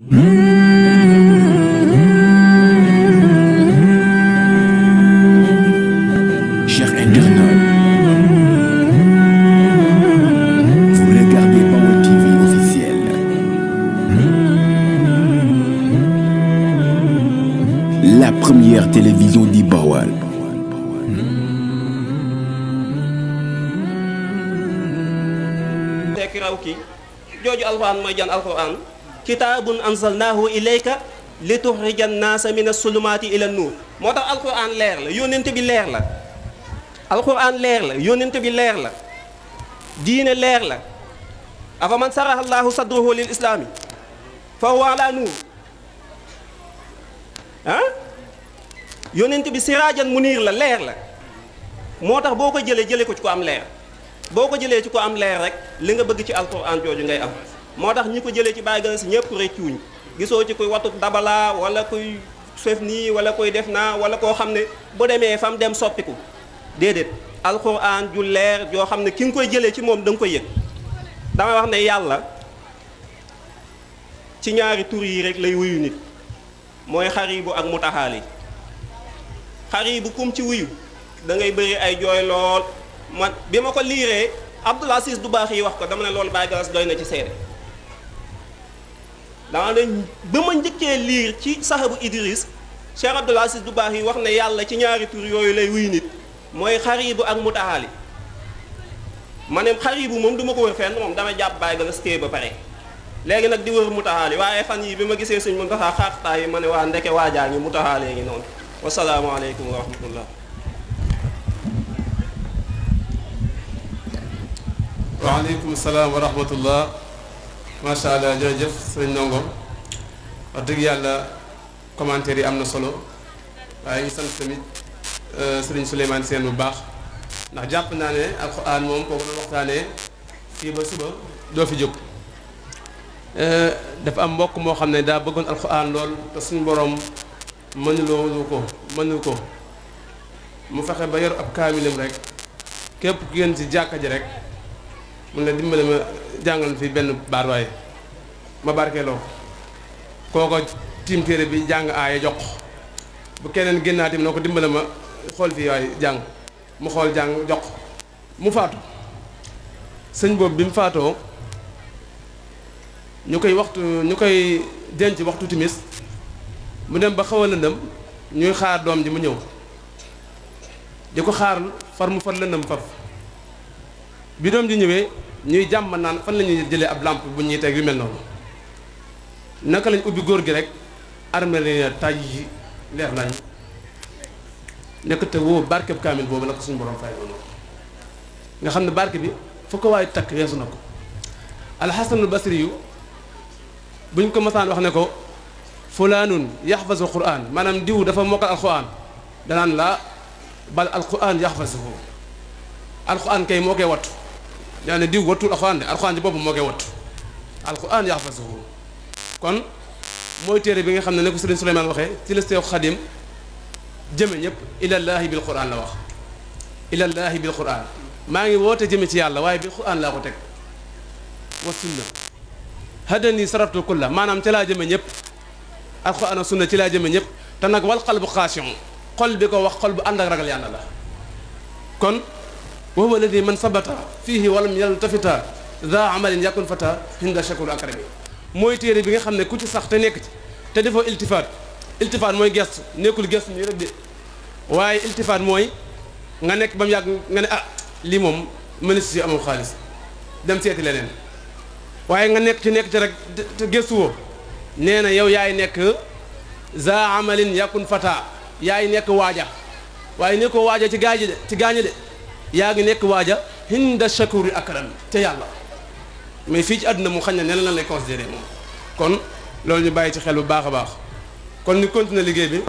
Chers internautes, vous regardez votre TV officiel. La première télévision du Bawal. jooju alxuraan كتاب أنزلناه إليك لتخرج الناس من الظلمات إلى النور موتا القرآن لير لا يوننت بي لير لا القرآن لير لا يوننت بي لير لا دين لير لا أفمن سرح الله صدره للإسلام فهو على نور ها يوننت بي سراجا منير لا لير لا موتا بوكو جيلي جيلي كو تكو ام لير بوكو جيلي تكو ام لير رك ليغا بيغ تي القرآن جوجو غاي ام moo tax ñi ko jëlee ci bàyyi gën si ñëpp rëccuwuñ gisoo ci kuy watut dabala wala kuy sëf nii wala kuy def naa wala koo xam ne bu demee fam dem soppiku déedéet alxuraan ju leer joo xam ne ki nga koy jëlee ci moom danga ko koy yëg dama wax ne yàlla ci ñaari tur yi rek lay wuyu nit mooy xaribu ak mutaxaali xaribu kum ci wuyu da ngay bëri ay jooy lool man bi ma ko liiree Abdoul du baax yi wax ko dama ne loolu bàyyi galas doy na ci seede dans le ba ma njëkkee liir ci saxabu Idris Cheikh Abdoul Aziz bu wax ne yàlla ci ñaari tur yooyu lay wuy nit mooy xaribu ak mutahaali ma ne xaribu moom ko wër fenn moom dama jàpp bàyyi ba sté ba pare léegi nag di wër mutahaali waaye fan yi bi ma gisee suñ mën taxaa xaartaay yi ma ne waa ndeke waajaa ngi mutahaalee ngi noonu wasalaamaaleykum wa rahmatullah waaleykum salaam wa rahmatullah macha allah jëf sëñ Ndongo wax dëgg yàlla commentaire yi am na solo waaye ñu sant tamit euh, sëriñ Souleymane Sène bu baax ndax jàpp naa ne alxuraan moom kooku doon waxtaanee fii ba suba doo fi jóg euh, dafa am mbokk moo xam ne daa bëggoon alxuraan lool te suñu borom mënuloo ko mënul ko mu fexe ba yor ab kaamilam rek képp ku ngeen ci jàkka ji rek. mun la dimbale ma jàngal fi benn baat waaye ma barkeeloo kooko tiim téere bi jàng aaya jox bu keneen génnaa tamit noo ko dimbale ma xool fii waaye jàng mu xool jàng jox mu faatu sëñ boobu bi mu faatoo ñu koy waxtu ñu koy denc waxtu timis mu dem ba xaw lëndëm ñuy xaar doom ji mu ñëw di ko xaar far mu far lëndëm faf bi doom ji ñëwee ñuy jàmm naan fan la ñuy jëlee ab lampe bu ñuy teg yu mel noonu naka lañ ubbi góor gi rek armé la taj yi leer nañ nekk te woo barkeb kaamil boobu la suñu borom fay noonu nga xamné barke bi fu ko tak yesu nako al hasan al basri buñ ko masaan wax ne ko fulaanun yaxfasu quran manam diw dafa mokal al qur'an da nan la bal al qur'an yahfazuhu al qur'an kay moo koy يعني دي واتو الخوان دي الخوان دي بابو موجي واتو الخوان يحفظه كون موي تيري بيغي خامن نكو سيرن سليمان واخي تيلستيو خادم جيمي نيب الى الله بالقران لا واخ الى الله بالقران ماغي ووتو جيمي سي يالا واي بالقران لا كو تك والسنه هدني صرفت كله مانام تيلا جيمي نيب القران والسنه تيلا جيمي نيب تا نك والقلب خاشع قلبك واخ قلب اندك رجل يالا كون وهو الذي من ثبت فيه ولم يلتفت ذا عمل يكون fata عند شكر akrami موي تيري bi خامني كوتي ne تا نيك تا ديفو التفات التفات موي defoo نيكول iltifaat ني رك دي واي التفات موي nga nek bam yag nga ne ah li mom ministre yi amul xaalis dem seti lenen waye nga nek ci nek ci rek te gestu woo nee yow yaay nek za amalin yakun fata yaay nek waja waye ne ko waja ci gaaji de ci gaañi de yaa ngi nekk waaja hinda shakuri akram te yàlla mais fii ci àdduna mu xañ na ne la lay considéré moom kon loolu ñu bàyyi ci xel bu baax a baax kon ñu continuer liggéey bi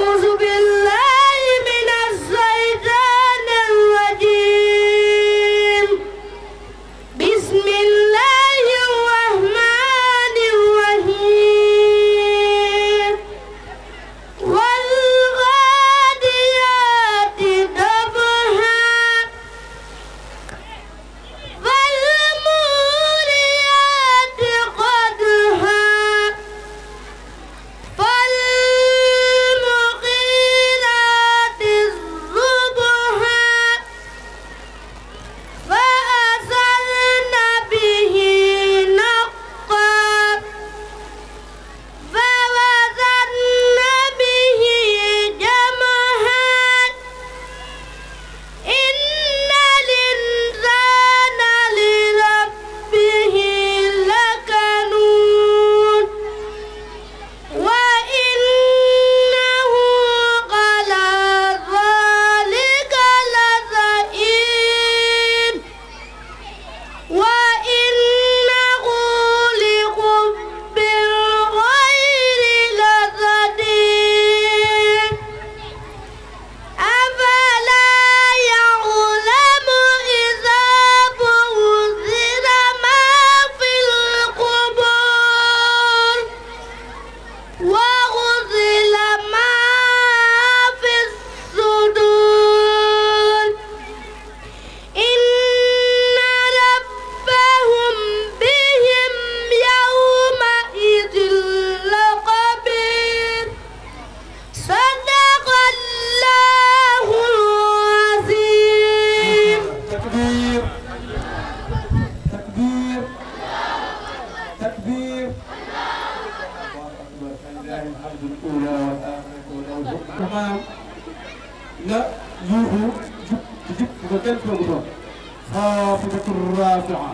raafi'a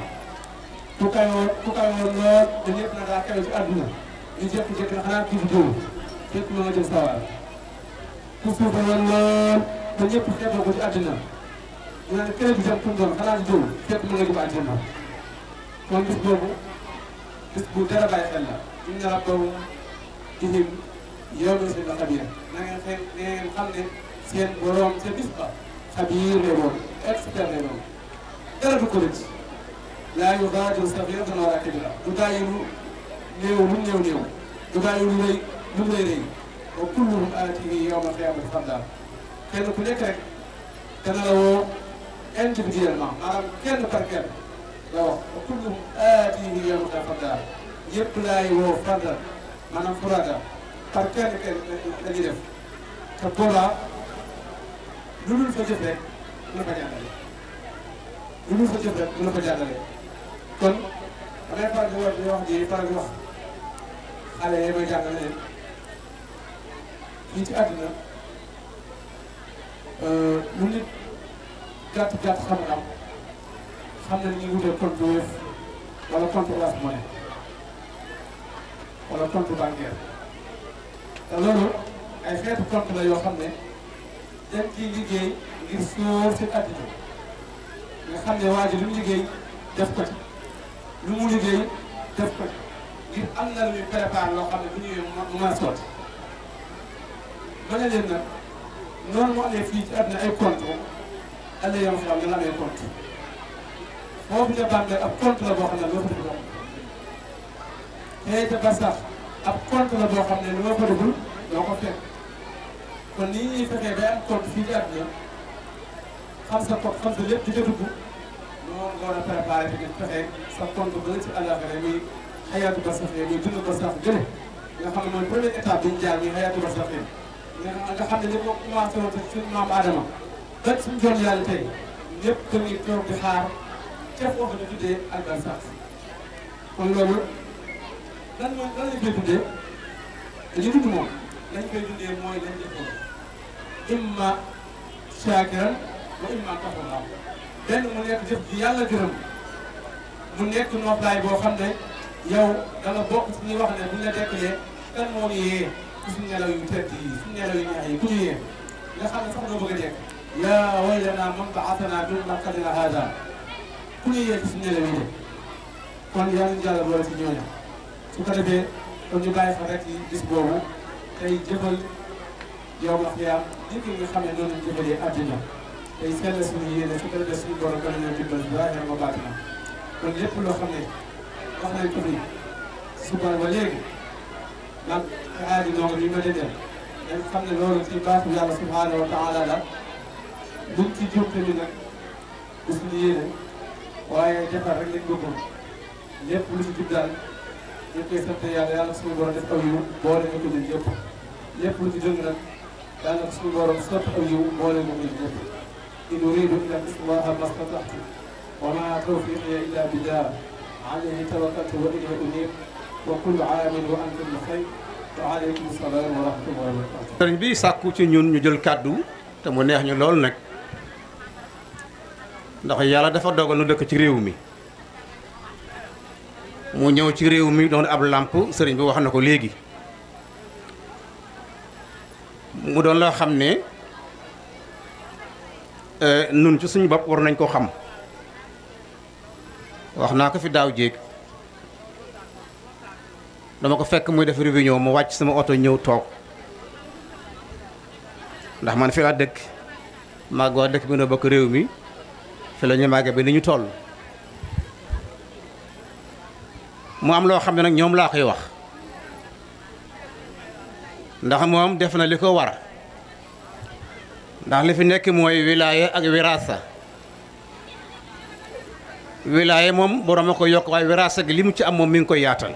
ku kayoon ku kayoon lool te ñëpp na daa kayoon ci àdduna ñu jékki-jékki na xanaa kii bi jëm képp ma nga jëm sawaar ku suufe woon lool te ñëpp xeeb mu doon xanaa ci jëm képp bis boobu bis bu dara bàyyi xel la inna rabbahum bihim yawma isin la xabiir na ngeen xëy na ngeen xam ne seen borom ca bis ba xabiir lay woon expert lay woon dara du ko laa yugaadiru sagiiratan wala kabiira du bàyyi lu néew lu néew néew du bàyyi lu rëy lu rëy rëy wa kulluhum aatiihi yawmal qiyaamati fardaa kenn ku nekk rek dana la woo individuellement maanaam kenn par kenn la wax wa kulluhum aatiihi yawmal qiyaamati fardaa yëpp laay woo farda maanaam furaada par kenn kenn dañuy def te lu dul fa jëf rek dina ko jàllale lu dul fa jëf rek dina ko jàllale kon damay faral di wax di wax di wax xale yi may leen fii ci àdduna euh, lu nit gàtt gàtt xam-xam xam na ni ñu wutee compte Wave wala compte Orange Money wala compte bancaire te loolu ay xeetu compte la yoo xam ne dañ ciy liggéey ngir sóor seen àdduna nga xam ne waa lu liggéey def ko ci. lu mu liggéey def ko ngir am na lu ñu préparé loo xam ne bu ñëwee mu mën a sotti ba ne leen nag noonu mu amee fii ci àdduna ay compte àll yow xam dana amee compte foofu nga la boo ne loo ko dugg xëy ba sax ab compte la boo xam ne loo ko duggul doo ko fekk kon nii ñuy fexee bay am compte fii ci àdduna xam sa ko xam sa lépp di ko noo war a préparé di fexe sa compte ba ci àllaaxira muy xayaatu barsax yi muy dund barsax gën nga xam ne mooy première étape bi ñu jaar muy xayaatu barsax yi nga xam ne li moo commencé woon ci suñu maam Adama ba suñu joon yàlla tey ñëpp tamit toog di xaar ceeb wax ñu tuddee ak barsax kon loolu lan mooy lan lañ koy tuddee dañu dund moom lañ koy dundee mooy lañ defoon imma shaakiran wa imma kafuuraa ben mu nekk jëf bi yàlla gërëm mu nekk noflaay boo xam ne yow da nga bokk ci ñuy wax ne bu ñu la ne kan moo ñu yee ci suñu nelaw yu tëdd yi suñu nelaw yu neex yi ku ñu yee nga xam ne sax doo bëgg a dekk ya waylana man ba'athanaa min marqadinaa hada ku ñu yee ci suñu nelaw yi de kon yàlla ñu jàll boole ci ñooñu su ko defee kon ñu bàyyi fa rek ci bis boobu tey jëfal yow nga xiyaam jëfal nga xam ne noonu jëfalee àddina iskale suñu yéene su ko defee suñu borom dana ñëw dimbal bu baax ma baax na kon lépp loo xam ne wax nañ ko fi suba ba léegi man aadi noonu li ma dendal dañ xam ne loolu ci baaxu yàlla subhanahu wa taala la buñ ci jóg tamit nag du suñu yéene waaye defar rek lañ bëggoon lépp lu ci jub daal ñu koy sant yàlla yàlla suñu borom def aw yiw boole ñu ko jël yëpp lépp lu ci dëng nag yàlla suñu borom sotti aw yiw boole ñu ko jël yëpp إن أريد إلا حفظ الله ما استطعت وما توفيقي إلا بالله عليه توكلت وإليه أنيب وكل عام وأنتم بخير وعليكم السلام ورحمة الله وبركاته. sëriñ bi sàkku ci Euh, nun ci suñu bopp war nañ koo xam wax naa ko fi daaw jéeg dama ko fekk muy def réunion mu wàcc sama oto ñëw toog ndax man fi laa dëkk màgg waa dëkk bi na bokk réew mi fi lañuy ñu màgge bi ni ñu toll mu am loo xam ne nag ñoom laa koy wax ndax moom def na li ko war ndax li fi nekk mooy wilaaye ak wiraasa wilaaye moom borom a ko yokk waay wiraasa gi li mu ci am moom mi ngi koy yaatal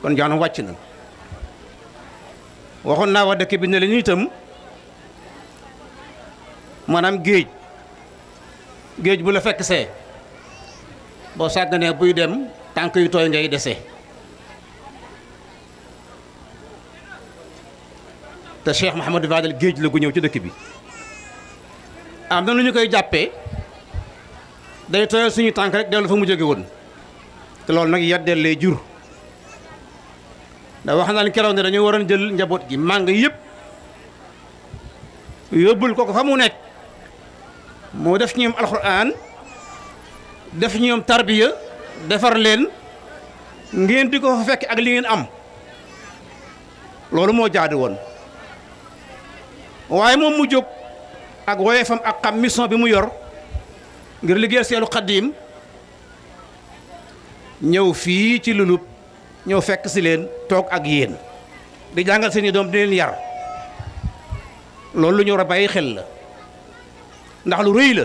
kon jaanu wàcc na waxoon naa wa dëkk bi ne la ñu itam maanaam géej géej bu la fekk see boo sàgganee buy dem tànk yu tooy ngay dese te Cheikh Mouhamadou Fadel géej la gu ñëw ci dëkk bi am na lu ñu koy jàppee day tooyal suñu tànk rek dellu fa mu jóge woon te loolu nag yaddeel lay jur da wax naa ne keroog ne dañoo waroon jël njaboot gi màng yëpp yóbbul ko ko fa mu nekk moo def ñoom alxuraan def ñoom tarbiya defar leen ngeen di ko fa fekk ak li ngeen am loolu moo jaadu woon waaye moom mu jóg ak woyefam ak xam mission bi mu yor ngir liggéey seelu xaddiim ñëw fii ci lulub ñëw fekk si leen toog ak yéen di jàngal seeni doom di leen yar loolu lu ñu war a bàyyi xel la ndax lu rëy la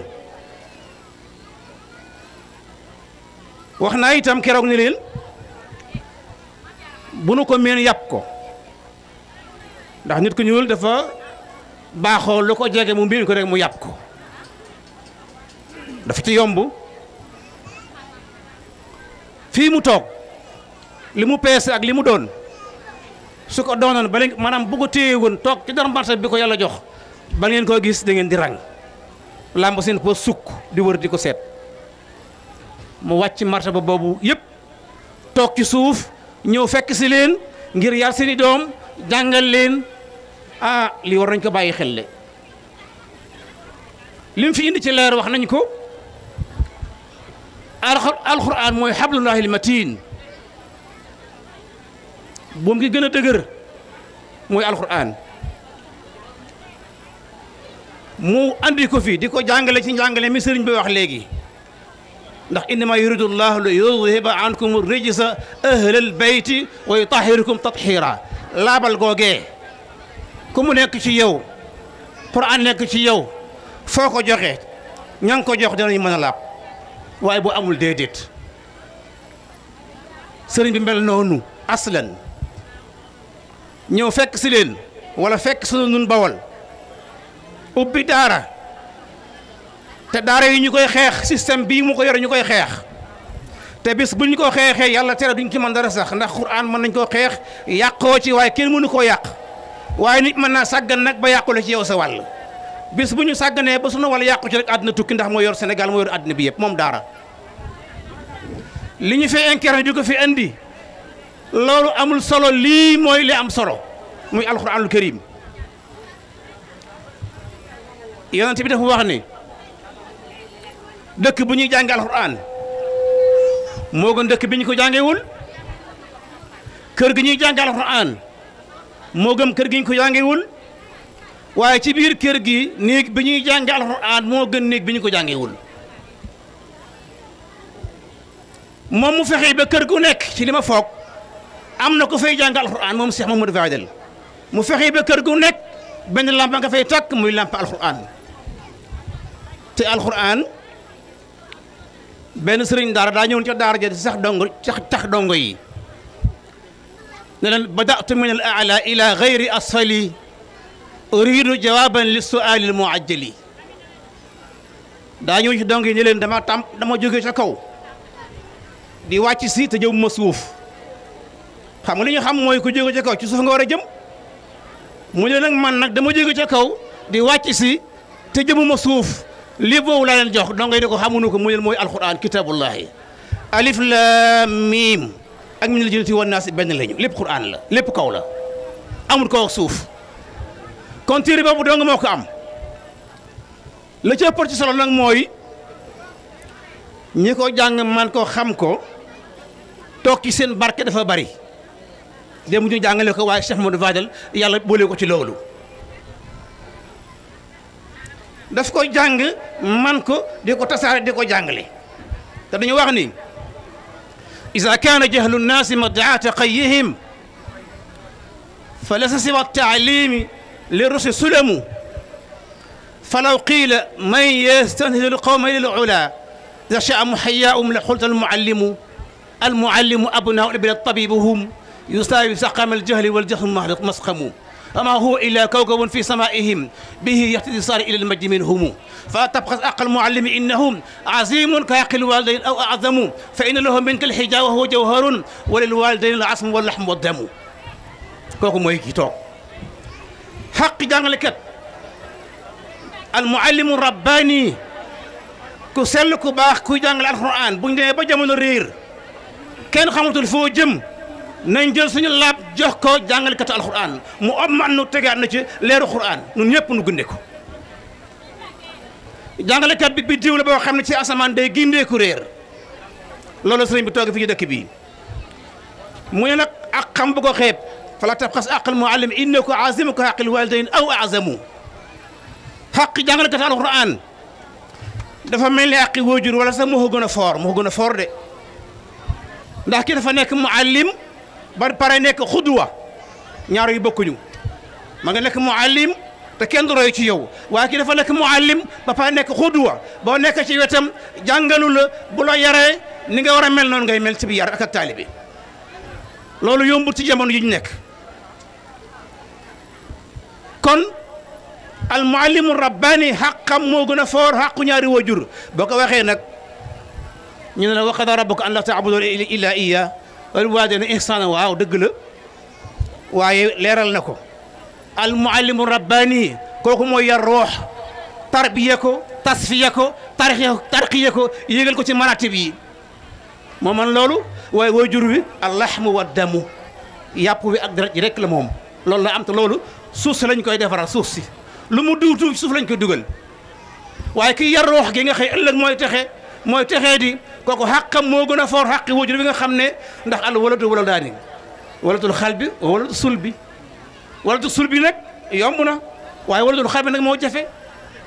wax naa itam keroog ni leen bu nu ko meen yàpp ko ndax nit ku ñuul dafa baaxoo lu ko jégué mu mbir ko rek mu yap ko dafa ci yombu fi mu tok limu mu ak limu don doon su ko doonoon ba manam bu ko tok ci dar marché bi ko yalla jox ba ngeen ko gis da ngeen di rang lamb seen ko suk di wër di ko set mu wacc marché ba bobu yëpp tok ci suuf ñew fekk ci leen ngir yar seen dom jangal leen ah lii war nañ ko bàyyi xel de lim fi indi ci leer wax nañ ko alquran mooy xablullahi almatin buum gi gën a dëgër mooy alquran mu andi ko fi di ko jàngale ci njàngale mi sëriñ bi wax léegi ndax innama yuridu llahu li yudhiba ankum rijsa ahlal bayti wa yutahhirukum tathira laabal googee ku mu nekk ci yow Quran nekk ci yow foo ko joxe ña ngi ko jox danañ mën a laab waaye bu amul déedéet sëriñ bi mel noonu aslan ñëw fekk si leen wala fekk sunu nun bawal ubbi daara te daara yi ñu koy xeex système bii mu ko yore ñu koy xeex te bis bu ñu ko xeexee yàlla tere duñ ci mën dara sax ndax Qur'an mën nañ koo xeex yàqoo ci waaye kenn mënu koo yàq waaye nit mën naa sàggan nag ba yàqule ci yow sa wàll bis bu ñu sàgganee ba sunu wàll yàqu ci rek àdduna tukki ndax moo yor Sénégal moo yor àdduna bi yëpp moom daara li ñu fi incarné di ko fi indi loolu amul solo lii mooy li am solo muy alxuraanul karim yonent bi dafa wax ni dëkk bu ñuy jàngee alxuraan moo gën dëkk bi ñu ko jàngewul kër gi ñuy jàngee alxuraan moo gën kër gi ñu ko jàngewul waaye ci biir kër gi néeg bi ñuy jànge alxuraan moo gën néeg bi ñu ko jàngewul moom mu fexe ba kër gu nekk ci li ma foog am na ko fay jàng alxuraan moom Cheikh Mamadou Fadel mu fexe ba kër gu nekk benn lampa nga fay takk muy lampa alxuraan te alxuraan benn sëriñ daara daa ñëwoon ca daara ja sax dongo cax tax dongo yi بدأت من الأعلى إلى غير أصلي أريد جوابا للسؤال المعجل دانيو شي دونغي ني لين دما تام دما جوغي سا كو دي واتي سي تجو مسوف خام لي ني خام موي كو جوغي سا كو سي سوف غورا جيم مو لي نك مان نك دما جوغي سا كو دي واتي سي تجو مسوف لي بو لا لين جوخ دونغي نكو خامونو كو موي القران كتاب الله الف لام ميم ak min la woon naa si benn lañu lépp quraan la lépp kaw la amul kaw suuf kon boobu dong moo am la ca ëppal ci mooy ñi ko jàng man ko xam ko toog ci seen barke dafa bari de ñu jàngale ko waaye Cheikh Modou Fadel yàlla boole ko ci loolu daf ko jàng man ko di ko tasaare di ko jàngale te dañu wax ni إذا كان جهل الناس مدعاة قيهم فليس سوى التعليم للرسل سلم فلو قيل من يستنهز القوم إلى العلا إذا شاء من لحلت المعلم المعلم أبناء الابن الطبيب هم يساوي سقم الجهل والجهل مسقم وما هو إلا كوكب في سمائهم به يهتدي صار إلى المجد منهم فتبقى أقل معلم إنهم عظيم كياق الوالدين أو أعظم فإن لهم من كل حجا وهو جوهر وللوالدين العصم واللحم والدم كوكب مهيكي توق حق جان لك المعلم الرباني كسلك باخ كوي جان القرآن بنجي بجمون الرير كان خمط الفوجم nañ jël suñu laab jox ko jàngalekatu alxuraan mu am nu tegaat na ci leeru xuraan ñun ñëpp nu gënde ko jàngalekat bi bi diw la boo xam ne ci asamaan day gindeeku réer loolu sëriñ bi toog fi ñu dëkk bii mu ne nag ak xam bu ko xeeb fala tabxas aqal muallim innahu azimuka xaqil walidayn aw azamu xaq jàngalekat alxuraan dafa mel ni àqi waajur wala sax moo ko gën a foor moo ko gën a foor de ndax ki dafa nekk muallim ba pare nek khudwa ñaar yu ñu ma nga nek muallim te kenn du roy ci yow wa ki dafa nek muallim ba fa nek khudwa bo nek ci wetam jàngalu la bu lo yaré ni nga wara mel non ngay mel ci bi yar ak talibi lolu yombu ci jamono yi ñu kon al muallim rabbaani xaqam moo gën a foor xaqu ñaari wajur boko waxé nak ñu ne la rabbuka an la ta'budu illa iya al waadina insaana waaw dëgg la waaye leeral na ko al muallimu rabbaani kooku mooy yar roox tarbiya ko tasfiya ko tarxiya tarqiya ko yégal ko ci maratib yi moo man loolu waaye waajur wi allaxmu wa damu yàpp wi ak deret ji rek la moom loolu la am te loolu suuf si lañ koy defaral suuf si lu mu duutu suuf lañ koy dugal waaye ki yar roox gi nga xëy ëllëg mooy texe moy texee di kooku xàqam moo gën a foor xàqi wujur bi nga xamne ndax al walatu waladani daani khalbi xal bi walatu sulbi bi walatu sul bi nag yomb na waaye walatul xal jafe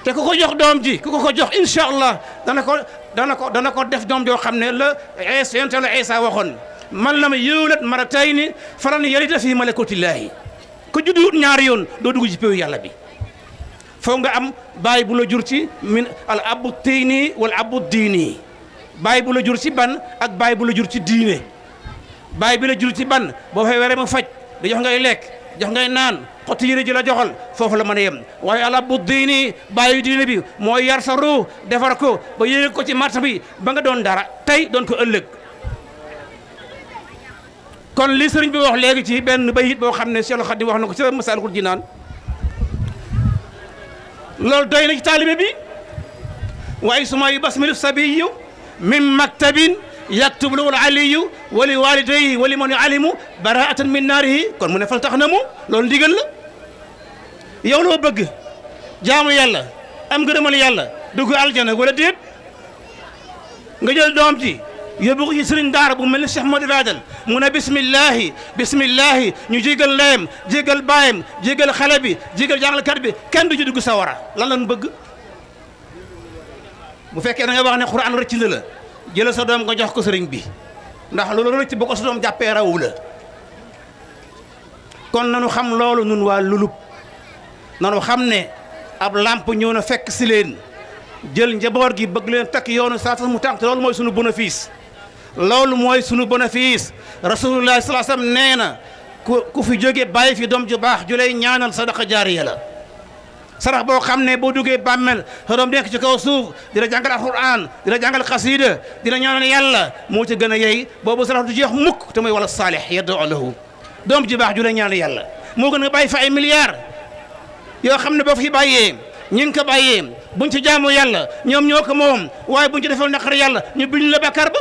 te ku jox dom ji ku ko jox inshallah dana ko dana ko dana ko def dom jo xamne ne la es yonte la Isa waxoon man lam yewlat marratayni falan yalida fi malakutillaahi ku juddu ñaar yoon do dugg ci péewu yàlla bi fo nga am baay bu la jur ci min al abu tayni wal abu diini baay bu la jur ci ban ak baay bu jur ci diine baay bi la jur ci ban boo fay were mu faj di jox ngay lekk jox ngay naan xotti yére ji la joxal foofu la mën yem waaye ala bu diini bàyyi diine bi mooy yar sa defar ko ba yéeg ko ci marché bi ba nga doon dara tey doon ko ëllëg kon li sëriñ bi wax léegi ci benn bayit boo xam ne Seex Xaadim wax na ko ci Masaalikul Jinaan loolu doy na ci taalibe bi waaye su ma yu basmilu sabiyu min maktabin yaktub lahu aliyu wa li walidayhi wa li man yualimu baraatan naarihi kon mu ne tax na mu loolu ndigal la yow loo bëgg jaamu yàlla am ngërëmal yàlla dugg aljana wala déet nga jël doom يبغي يسرين دار بو من الشيخ مودي فادل مونا بسم الله بسم الله نجيق الليم جيق البايم جيق الخلبي جيق الجار الكربي كان دو جدو سوارا لا لن بغ بو فكي انا يبغي القرآن رتش للا جيلا سودام كو جاخ كسرين بي ndax lolu rek ci bako sodom jappé rawu la kon nañu xam lolu nun wa lulup nañu xam né ab lamp ñëw na fekk ci leen jël njaboor gi bëgg leen tak yoonu saatu mu tank lolu moy suñu bénéfice lolou muai sunu bénéfice rasulullah sallallahu alaihi wasallam nee na ku fi jóge jubah fi nyana ju bax ju lay ñaanal sadaqa jariya la sarax bo xam bo duggé bammel xorom nek ci kaw suuf dina jangal alquran dina jangal qasida dina ñaanal yalla mo ci gëna yey bobu sarax du jeex mukk te moy wala salih yad'u lahu dom ju bax ju lay ñaanal yalla mo gëna baye fa ay milliard yo bo fi baye ñing ko baye buñ ci jaamu yalla ñom ñoko mom way buñ ci defal naqar yalla ñu biñ la bakkar ba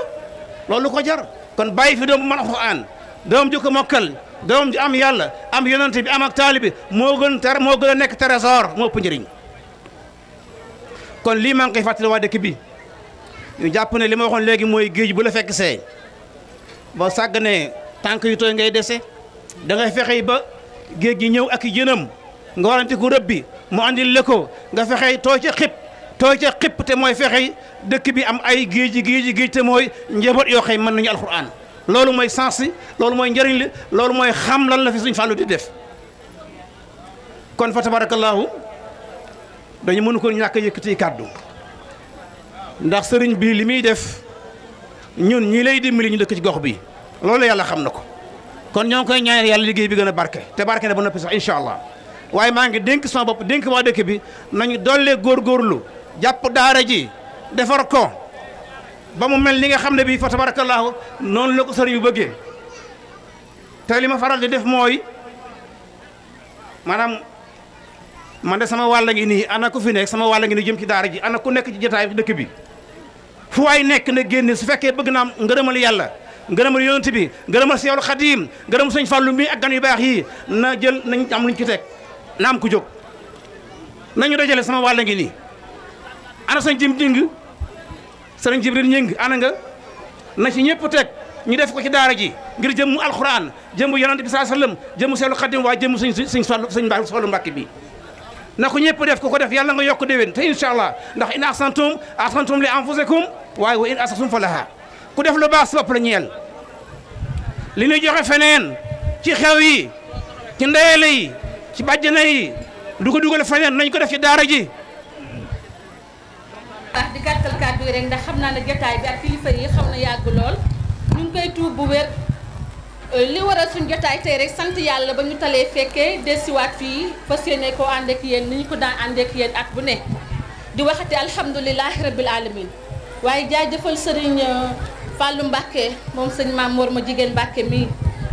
loolu ko jar kon bàyyi fi doom bu mën alxuraan doom ju ko mokkal doom ju am yàlla am yonante bi am ak taalibi moo gën ter moo gën a nekk trésor moo ëpp kon lii maa ngi koy fàttali waa dëkk bi ñu jàpp ne li ma waxoon léegi mooy géej bu la fekk see ba sàgg ne tànk yu tooy ngay dese da ngay fexe ba géej gi ñëw ak jënam nga waranti ko rëbbi mu andil la nga fexe tooy ca xib tooy ca xipp te mooy fexe dëkk bi am ay géej géej géej te mooy njaboot yoo xëy man nañu alxuraan loolu mooy sens si loolu mooy njariñ li loolu mooy xam lan la fi suñ fàllu di def kon fa tabarakallahu dañu mënu ko ñàkk yëkkati kàddu ndax sëriñ bii li muy def ñun ñi lay dimbali ñu dëkk ci gox bi loolu yàlla xam na ko kon ñoo ngi koy ñaanal yàlla liggéey bi gën a barke te barke na ba noppi sax incha allah waaye maa ngi dénk sama bopp dénk waa dëkk bi nañu dollee góorgóorlu jàpp daara ji defar ko ba mu mel ni nga xam ne bii fa tabarakallahu noonu la ko sëriñ bu bëggee te li ma faral di def mooy maanaam man de sama wàll ngi nii ana ku fi nekk sama wàll ngi nii jëm ci daara ji ana ku nekk ci bi dëkk bi fu waay nekk na génne su fekkee bëgg naam am ngërëmal yàlla ngërëmal yonent bi ngërëmal Seexul Xadiim ngërëmal sëñ Fàllu mi ak gan yu baax yi na jël nañ am luñ ci teg na am ku jóg nañu dajale sama wàll ngi nii ana sëñ jim ding sëriñ jibril ñëng ana nga na ci ñëpp teg ñu def ko ci daara ji ngir jëmmu alxuraan jëmmu yonante bi saa sallam jëmmu seelu xadim waaye jëmmu suñ suñ fàllu suñ mbaa soxlu mbàkke bi na ko ñëpp def ko ko def yàlla nga yokk déwén te incha allah ndax in ahsantum ahsantum li anfusikum waaye wa in asatum falaha ku def la baax sa bopp ñeel li ñuy joxe feneen ci xew yi ci ndeyale yi ci bàjjana yi du ko dugal feneen nañ ko def ci daara ji baax di gàttal kàddu yi rek ndax xam naa ne jotaay bi ak kilifa yi xaw na yàgg lool ñu ngi koy tuub bu wér euh, li waral suñ jotaay tey rek sant yàlla ba ñu talee fekkee desiwaat fii fas yéene ko ànd ak yéen ni ñu ko daan ànd ak yéen at bu ne di waxati alhamdulilahi rabil alamin waaye jaajëfal sëriñ euh, Fallou Mbacke moom sëñ Maam Mor ma jigéen Mbacke mi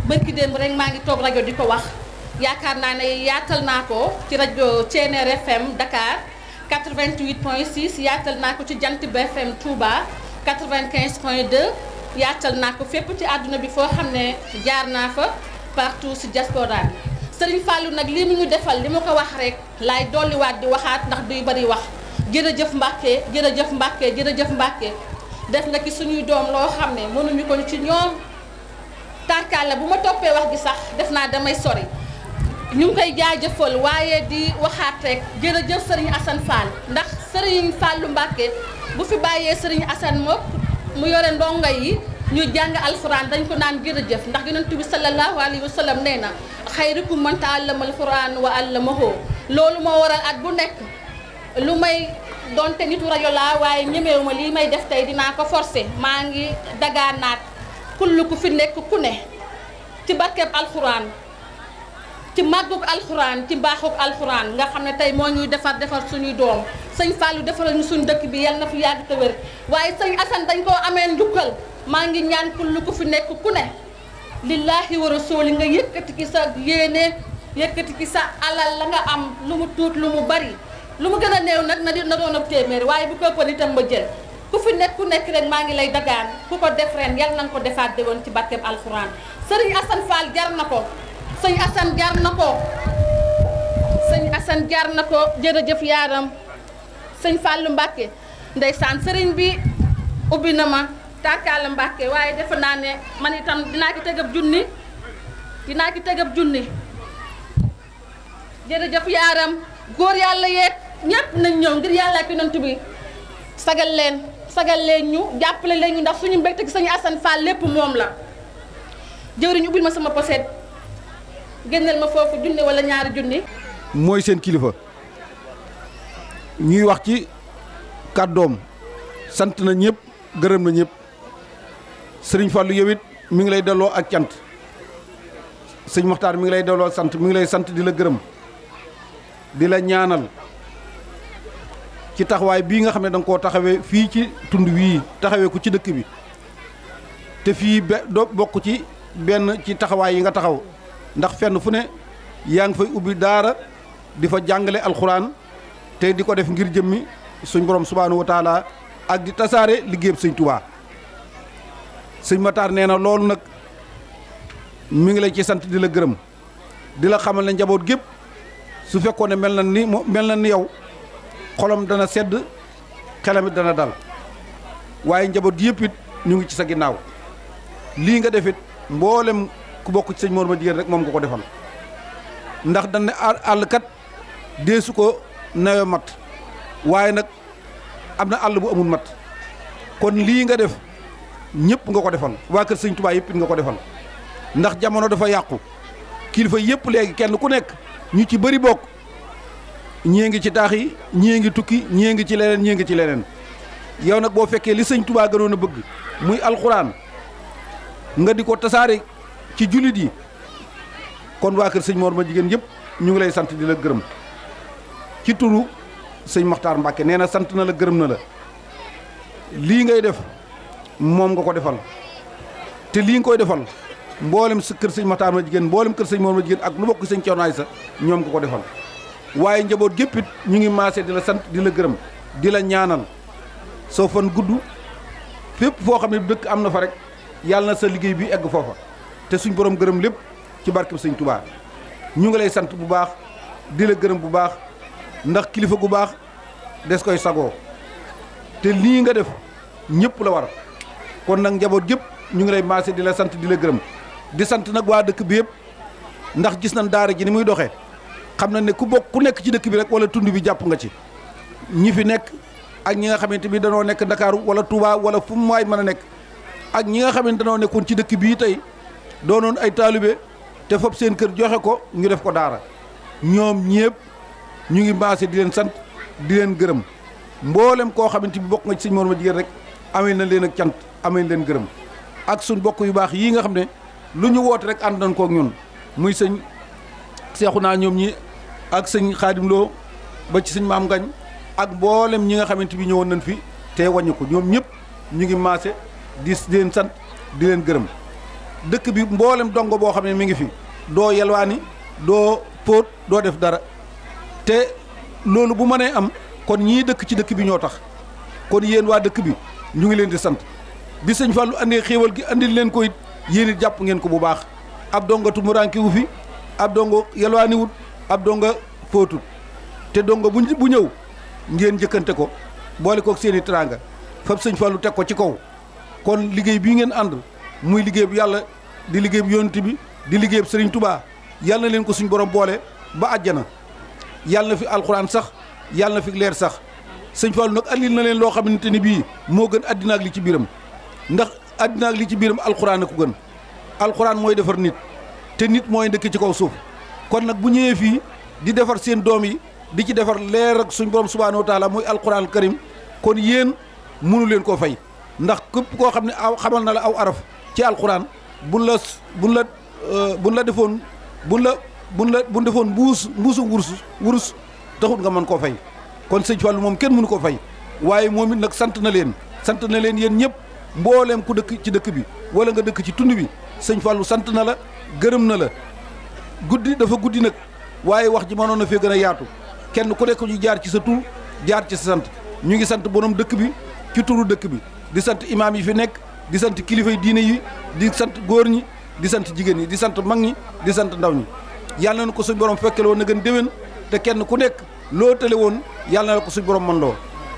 bërki démb rek maa ngi toog rajo di ko wax yaakaar naa ne yaatal naa ko ci rajo CNR FM Dakar 88 point 6 yaatal naa ko ci jant BFM Touba 95 point 2 yaatal naa ko fépp ci àdduna bi foo xam ne jaar naa fa partout si diaspora bi Sëriñ fàllu nag lii mu ñu defal li ma ko wax rek laay dolliwaat di waxaat ndax duy bari wax jërëjëf Mbàkke jërëjëf Mbàkke jërëjëf Mbàkke def na ci suñuy doom loo xam ne mënuñu ko ci ñoom tànkaal bu ma toppee wax gi sax def naa damay sori ñu ngi koy jaajëfal waaye di waxaat rek jërëjëf sëriñ Assane Fall ndax sëriñ Fallu Mbàkke bu fi bàyyee sëriñ Assane mook mu yore ndongo yi ñu jàng alxuraan dañ ko naan jërëjëf ndax yonent bi sallallahu alayhi wa sallam nee na xayrukum man taallama alxuraan wa allamahu loolu moo waral at bu nekk lu may donte nitu rajo laa waaye ñemewuma lii may def tey dinaa ko forcé maa ngi dagaanaat kullu ku fi nekk ku ne ci barkeb alxuraan ci màggug alxuraan ci mbaaxug alxuraan nga xam ne tey moo ñuy defar defar suñuy doom sëñ Fallou defaral ñu suñu dëkk bi yal na fi yàgg te waaye sëñ Assane dañ koo amee njukkal maa ngi ñaan kullu ku fi nekk ku ne lillaahi wa rasuuli nga yëkkati ki sa yéene yëkkati ki sa alal la nga am lu mu tuut lu mu bari lu mu gën a néew nag na di na doon ab waaye bu ko ëppoon itam ba jël ku nekk ku nekk rek maa ngi lay dagaan ku ko def ren yal na nga ko defaat déwoon ci barkeb alxuraan sëriñ Assane Fall jar na ko sëñ asan jar na ko sëñ Assane jar na ko jërëjëf yaaram sëñ Fallou Mbacke ndeysaan sëriñ bi ubbi na ma tarkaala Mbacke waaye defe naa ne man itam dinaa ci tegab junni dinaa ci tegab junni jërëjëf yaaram góor yàlla yeeg ñépp nañ ñëw ngir yàlla ak yonent bi sagal leen sagal leen ñu jàppale leen ñu ndax suñu mbégte gi sëñ Assane Fall lépp moom la jëwriñ ubbil ma sama poset génneel ma foofu junni wala ñaari junni. mooy seen kilifa ñuy wax ci kàddoom sant na ñëpp gërëm na ñëpp sëriñ Fallou yow it mi ngi lay delloo ak cant sëñ Maxtaar mi ngi lay delloo sant mi ngi lay sant di la gërëm di la ñaanal ci taxawaay bii nga xam ne da nga koo taxawee fii ci tund wii taxawee ko ci dëkk bi te fii be do bokk ci benn ci taxawaay yi nga taxaw ndax fenn fu ne yaa ngi fay ubbi daara di fa jàngale te di ko def ngir jëmmi suñ borom subhanahu wa taala ak di tasaare liggéeyam sëñ tuba sëñ Matar nee na loolu nag mi ngi lay ci sant di la gërëm xamal ne njaboot gépp su ne ni mel na ni yow xolam dana sedd xelam dana dal waaye njaboot yëpp it ñu ngi ci sa ginnaaw lii nga defit mboolem ku bokku ci sëñ mourma digeen rek mom ko defal ndax dañ ne àll kat desu ko nayo mat waye nak amna na bu amul mat kon li nga def ñepp nga ko defal wa keur sëñ touba yëpp nga ko defal ndax jamono dafa yaqku kilifa yëpp léegi kenn ku nekk ñu ci bëri bok ci yi tukki ci leneen ci leneen yow nak bo fekke li touba gënon na bëgg muy alquran nga diko ko ci julit yi kon wa keur seigne Mor jigen jigéen ñu ngi lay sant di la gërëm ci turu seigne Maxtaar Mbàkke neena sant na la gërëm na la li ngay def mom nga ko defal te li nga koy defal mbolam sa keur seigne Maxtaar ma jigen mbolam keur seigne Mor jigen ak lu bokk seigne Coonaay sa ñom nga ko defal waye njabot gépp it ñu ngi maase di la sant di la gërëm di la ñaanal so fon guddu fepp fo xamni dekk amna fa rek yàlla na sa liggey bi egg fofa te suñ borom gërëm lépp ci bi sëñ tubaa ñu ngi lay sant bu baax di la gërëm bu baax ndax kilifa gu baax des koy sagoo te lii nga def ñëpp la war kon nag njaboot yëpp ñu ngi lay maase di la sant di la gërëm di sant nag waa dëkk bi yëpp ndax gis nan daare ji ni muy doxee xam na ne ku bokk ku nekk ci dëkk bi rek wala tund bi jàpp nga ci ñi fi nekk ak ñi nga xamante bi danoo nekk Ndakaaru wala tubaa wala fu mu waay mën a nekk ak ñi nga xamante danoo nekkoon ci dëkk bii tey doonoon ay taalibe te fab seen kër joxe ko ñu def ko daara ñoom ñépp ñu ngi maase di leen sant di leen gërëm mboolem koo xamante bi bokk nga ci sëñ ma Madjiguène rek amee na leen ak cant amee leen gërëm ak suñ bokk yu baax yii nga xam ne lu ñu woote rek ànd nañ kook ñun muy sëñ seexu naa ñoom ñi ak sëñ xaadim loo ba ci sëñ maam ngañ ak mboolem ñi nga xamante bi ñëwoon nañ fi te wàññi ko ñoom ñëpp ñu ngi maase di leen sant di leen gërëm dëkk bi mboolem dongo boo xam ne mi ngi fi doo yelwaani doo póot doo def dara te loolu bu mënee am kon ñii dëkk ci dëkk bi ñoo tax kon yéen waa dëkk bi ñu ngi leen di sant bi sëñ Fallou andee xéewal gi andil leen ko yéen jàpp ngeen ko bu baax ab donga tumuraanki wu fi ab dongo yelwaani wut ab donga póotut te donga bu bu ñëw ngeen njëkkante ko boole kook seen i teraanga fa sëñ Fallou teg ko ci kaw kon liggéey bii ngeen ànd muy liggéey bu yàlla di liggéey bu yonent bi di liggéey bu tubaa yàlla na leen ko suñ borom boole ba àjjana yàlla na fi alxuraan sax yàlla na fi leer sax sëñ Fallou nag andil na leen loo xamante ni bii moo gën àddina li ci biram ndax àddina ak li ci biiram alxuraan a ko gën alxuraan mooy defar nit te nit mooy ndëkk ci kaw suuf kon nag bu ñëwee fii di defar seen doom yi di ci defar leer ak suñ borom subhaanahu wa taala muy alxuraan karim kon yéen mënu leen koo fay ndax képp koo xam ne aw na la aw araf ci alxuraan buñ la buñ la euh, la defoon buñ la buñ la defoon mbuus mbuusu wurus wurus taxut nga mën koo fay kon sëñ Fallou moom kenn mënu koo fay waaye moom it nag sant na leen sant na leen yéen ñëpp mbooleem ku dëkk ci dëkk bi wala nga dëkk ci tund bi sëñ Fallou sant na la gërëm na la guddi dafa guddi nag waaye wax ji manoon na fee gën a yaatu kenn ku nekk ñu jaar ci sa tur jaar ci sa sant ñu ngi sant borom dëkk bi ci turu dëkk bi di sant imaam yi fi nekk di sant kilifay diine yi di sant góor ñi di sant jigéen ñi di sant mag ñi di sant ndaw ñi yàlla na ko suñ borom fekkeel woon na gën déwén te kenn ku nekk loo tële woon yàlla na ko suñ borom man loo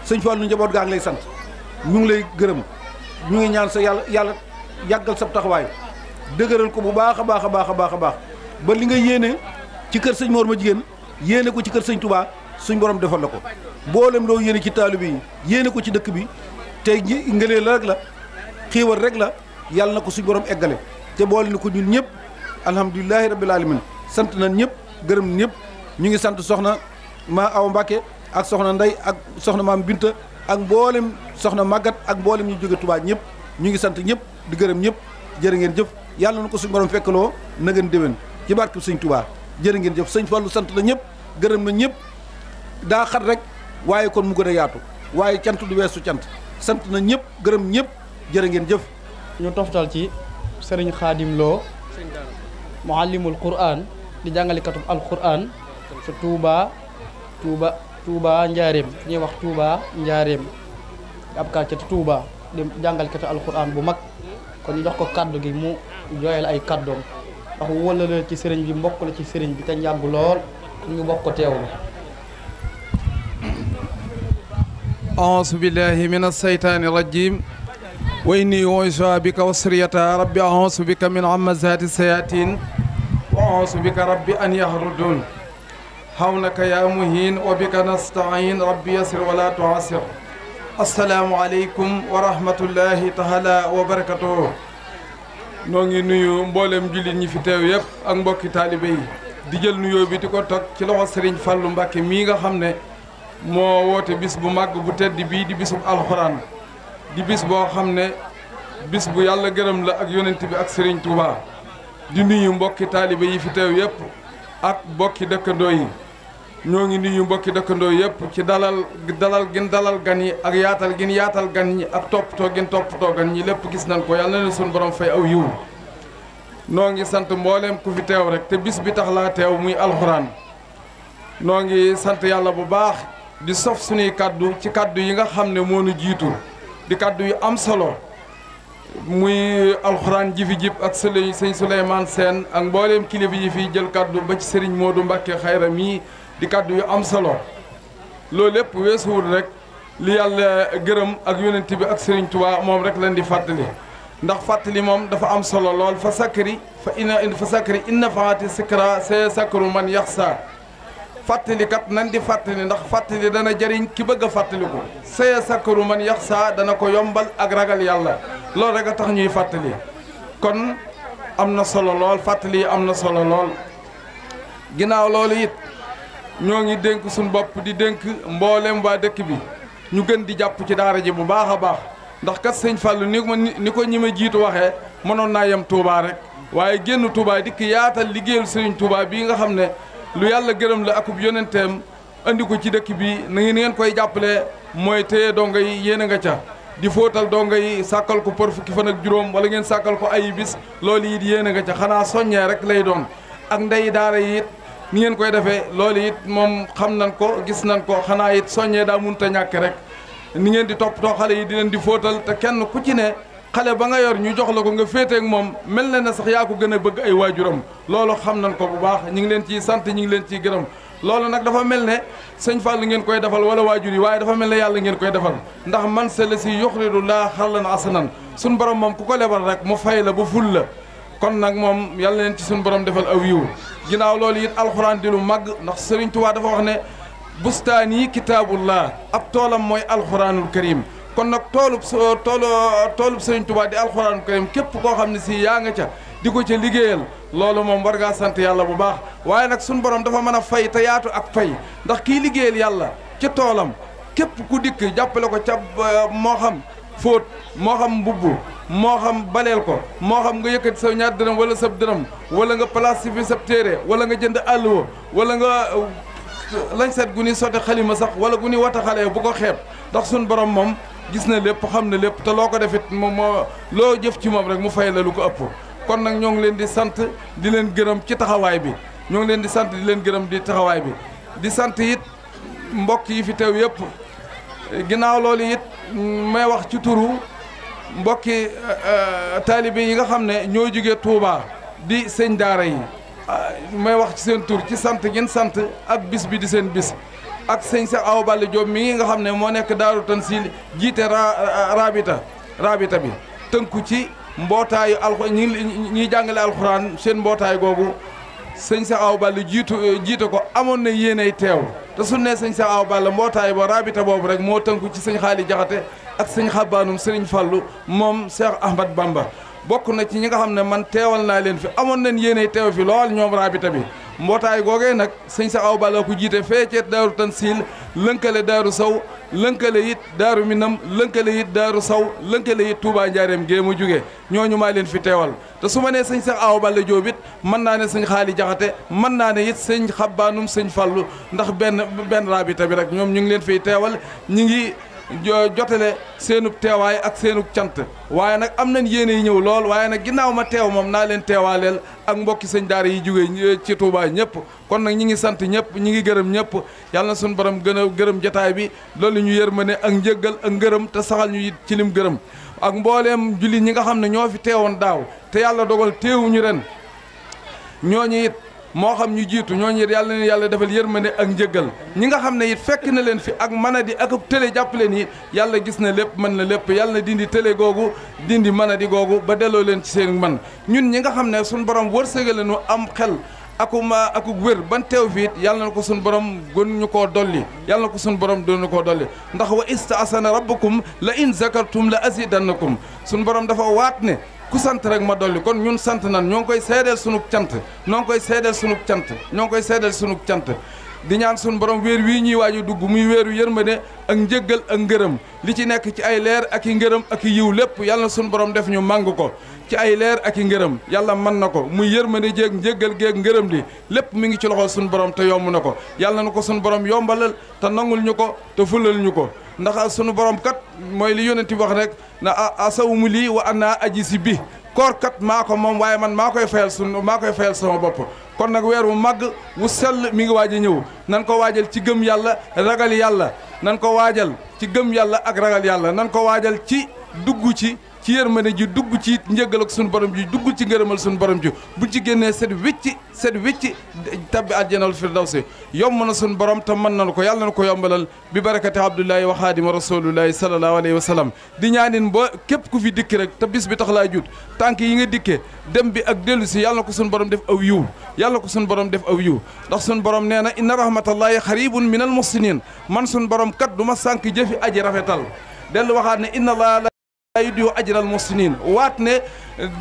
sëñ Fallu njaboot gaa ngi lay sant ñu ngi lay gërëm ñu ngi ñaan sa yàlla yàlla yàggal sab taxawaay dëgëral ko bu baax a baax a baax a baax a baax ba li nga yéene ci kër sëñ Mor ma jigéen yéene ko ci kër sëñ Touba suñ borom defal la ko boolem loo yéene ci taalibe yi yéene ko ci dëkk bi te ngëneel la rek la xiiwal rek la yàlla na ko suñu borom eggale ca boole ni ko ñun ñëpp alhamdulilahi rabbil alamin sant na ñëpp gërëm ñëpp ñu ngi sant soxna maa aw Mbàkke ak soxna Ndey ak soxna maam Binta ak mboolem soxna màggat ak mboolem ñu jóge Tuubaa ñëpp ñu ngi sant ñëpp di gërëm ñëpp jërë ngeen jëf yàlla na ko suñu borom fekkaloo na ngeen déwén ci barkeb sëñ Tuubaa jërë ngeen jëf sëñ Fallu sant na ñëpp gërëm na ñëpp daa xat rek waaye kon mu gën a yaatu waaye cant du weesu cant sant na ñëpp gërëm ñëpp jërë ngeen jëf ñu toftal ci serigne khadim lo muallimul quran di al qur'an su tuuba tuuba tuba njarim ñi wax tuuba njarim ab ci tuuba di al Quran, bu mag kon ñu dox ko kaddu gi mu joyal ay kaddoom wax wala la ci serigne bi mbokk la ci serigne bi ta ñag lool ñu bokko أعوذ بالله من الشيطان الرجيم وإني أوصى بك وصرية ربي أعوذ بك من عمزات السياتين وأعوذ بك ربي أن يهردون هونك يا مهين وبك نستعين ربي يسر ولا تعسر السلام عليكم ورحمة الله تعالى وبركاته نوغي نيو مبولم جولي ني في تيو ييب اك مبوك طالبي دي جيل نيو بي ديكو توك سي لوخ سيرن فالو مباكي ميغا خامني مو ووتي بيس بو ماغ بو تيدي بي دي بيسو القران di bis boo xam ne bis bu yàlla gërëm la ak yonent bi ak Serigne Touba di nuyu mbokki taalibe yi fi teew yépp ak mbokki dëkkandoo yi ñoo ngi nuyu mbokki dëkkandoo yépp ci dalal dalal gin dalal gan yi ak yaatal gin yaatal gan ñi ak toppatoo gin toppatoo gan ñi lépp gis nan ko yàlla na leen suñu borom fay aw yiw noo ngi sant mbooleem ku fi rek te bis bi tax laa teew muy alxuraan noo ngi sant yàlla bu baax di sof suñuy kàddu ci kàddu yi nga xam ne moo jiitu di kàddu yu am solo muy alxuraan jifi fi jib ak souleyman sëñ ak mbollem kilifa yi fi jël kàddu ba ci sëriñ Modou Mbacke khayra mi di kàddu yu am solo loolu lépp weesuwul rek li yàlla gërëm ak yonent bi ak sëriñ Touba mom rek lañ di fatali ndax fatali mom dafa am solo lol fa sakri fa inna fa sakri inna faati sakra sa sakru man yakhsa fàttali kat nan di fàttali ndax fàttali dana jariñ ki bëgg a fàttaliku saya sakkaru man yax saa dana ko yombal ak ragal yàlla lool rek a tax ñuy fàttali kon am na solo lool fàttali am na solo lool ginnaaw loolu it ñoo ngi dénk suñu bopp di dénk mboolem waa dëkk bi ñu gën di jàpp ci daara ji bu baax a baax ndax kat sëñ Fallou ni ni ko ñi ma jiitu waxee mënoon naa yem Touba rek waaye génn Touba dikk yaatal liggéeyal sëriñ Touba bii nga xam ne lu yàlla gërëm la akub yonenteem andi ko ci dëkk bi na ngeen koy jàppale mooy téye donga yi yéen a nga ca di fóotal donga yi sàkkal ko për fukki fan juróom wala ngeen sàkkal ko ay bis loolu it yéen a nga ca xanaa soññee rek lay doon ak ndey daara yi it ni ngeen koy defee loolu it moom xam nañ ko gis nañ ko xanaa it soññee daa munta ñàkke rek ni ngeen di toppatoo xale yi di leen di fóotal te kenn ku ci ne xale ba nga yor ñu jox la ko nga féeteek moom mel na ne sax yaa ko gën bëgg ay waajuram loolu xam nañ ko bu baax ñu ngi leen ciy sant ñu ngi leen ciy gërëm loolu nag dafa mel ne sëñ Fallu ngeen koy defal wala waajur yi waaye dafa mel ne yàlla ngeen koy defal ndax man se la si yuxridu laa xarlan nan suñ borom moom ku ko lebal rek moo fay la bu ful la kon nag moom yàlla leen ci suñu borom defal a yiw ginnaaw loolu it alxuraan di lu màgg ndax sëriñ Tuubaa dafa ne bustaan yi kitaabullah ab toolam mooy alxuraanul karim kon nak so toolu tolup serigne touba di alcorane karim kep ko xamni si ya nga ca di ci ca lolu mom war nga sante yalla bu baax waye nak sun borom dafa meuna fay te yaatu ak fay ndax ki liggéeyal yalla ci tolam kep ku dik jappale ko ca mo xam foot mo xam mbubb mo xam balel ko mo xam nga yëkkati sa ñaar dërëm wala sa dërëm wala nga plastifié sab téré wala nga jënd wala nga lañ set guni khalima sax wala guni wata xalé bu ko ndax sun borom mom gis na lépp xam na lépp te loo ko defit moom moo loo jëf ci moom rek mu fay lalu ko ëpp kon nag ñoo ngi leen di sant di leen gërëm ci taxawaay bi ñoo ngi leen di sant di leen gërëm di taxawaay bi di sant yit mbokk yi fi teew yëpp ginnaaw loolu yit mm, may wax ci turu mbokki euh, euh, taalibe yi nga xam ne ñoo jóge Touba di sëñ daara yi ah, may wax ci seen tur ci sant ngeen sant ak bis bi di seen bis ak sëñ Cheikh Awa Balla Diop mi nga xam ne moo nekk Daaru Tansil jiite raabita raabita bi tënku ci mbootaayu alxuraan ñi ñuy jàngale alxuraan seen mbootaay googu sëñ Cheikh Awa Balla jiitu jiite ko amoon na yéenay teew te su ne sëñ Cheikh Awa Balla mbootaay ba raabita boobu rek moo tënku ci sëñ Xaali Jaxate ak sëñ Xabaanum sëriñ Fallu moom Cheikh Ahmad Bamba bokk na ci ñi nga xam ne man teewal naa leen fi amoon nañ yéenay teew fi lool ñoom raabita bi mbootaay googee nag sëñ Seex aw Balla ko jiite feeceet daaru tansil lënkale daaru saw lënkale yit daaru minam lënkale it daaru saw lënkale it Touba Njaareem géemu jóge ñooñu maa leen fi teewal te su ma nee sëñ Seex Awa Balla Jóob it mën naa ne sëñ xaali jaxate mën naa ne it sëñ xabbaanum sëñ fallu ndax benn benn raabita bi rek ñoom ñu ngi leen fiy teewal ñi ngi jotale seenub teewaay ak seenub cant waaye nag am nañ yéene yi ñëw lool waaye nag ginnaaw ma teew moom naa leen teewaaleel ak mbokki sëñ daara yi jógee ci tuubaay ñëpp kon nag ñi ngi sant ñëpp ñi ngi gërëm ñëpp yàlla na suñu borom gën gërëm jotaay bi loolu ñu yërmande ak njëggal ak ngërëm te saxal ñu ci lim gërëm ak mbooleem julli ñi nga xam ne ñoo fi teewoon daaw te yàlla dogal teewuñu ren ñooñu it moo xam ñu jiitu ñooñu it yàlla leen yàlla defal yërmande ak njëggal ñi nga xam ne it fekk na leen fi ak mën a di ak tële jàpp leen ni yàlla gis na lépp mën na lépp yàlla na dindi tële googu dindi mën a di googu ba delloo leen ci seen man ñun ñi nga xam ne suñu borom wërsëgal nu am xel akuma akuk wér ban teew fiit yàlla na ko suñu borom gën ñu koo dolli yàlla na ko suñu borom na koo dolli ndax wa istaasana rabbukum la in zakartum la azidannakum suñu borom dafa waat ne ku sant rek ma dolli kon ñun sant nan ñoo ngi koy seedeel sunug cant ñoo ngi koy seedeel sunug cant ñoo ngi koy seedeel sunug cant di ñaan sun borom weer wii ñuy waaju dugg muy weeru yërmande ak njëggal ak ngërëm li ci nekk ci ay leer ak i ngërëm ak i yiw lépp yàlla na borom def ñu màng ko ci ay leer ak i ngërëm yàlla mën na ko muy yërmande jég njëggal géeg ngërëm li lépp mu ngi ci loxo sun borom te yomb na ko yàlla na ko sun borom yombalal te nangul ñu ko te fulal ñu ko ndax sunu borom kat mooy li yonent bi wax rek na asawumu lii wa naa aji si bi koor kat maa ko moom waaye man maa koy fayal sun maa koy fayal sama bopp kon nag weer wu màgg wu sell mi ngi waaj a ñëw nan ko waajal ci gëm yàlla ragal yàlla nan ko waajal ci gëm yàlla ak ragal yàlla nan ko waajal ci dugg ci ci yërmande ji dugg ci njëggal ak suñu borom ji dugg ci ngërëmal suñu borom ji buñ ci génnee set wécci set wécci tabbi àjjanal firdawsi yomb na suñu borom te mën nañu ko yàlla na ko yombalal bi barakati abdullahi wa xaadima rasulullahi sallallahu alayhi wa sallam di ñaanin ba képp ku fi dikk rek te bis bi tax laa jut tànk yi nga dikke dem bi ak dellu si yàlla ko suñu borom def aw yiw yàlla na ko suñu borom def aw yiw ndax sun borom nee na inna rahmatallahi xaribun min al muhsinin man suñu borom kat du ma sànk jëfi aji rafetal dellu yit yu ajral musinin waat ne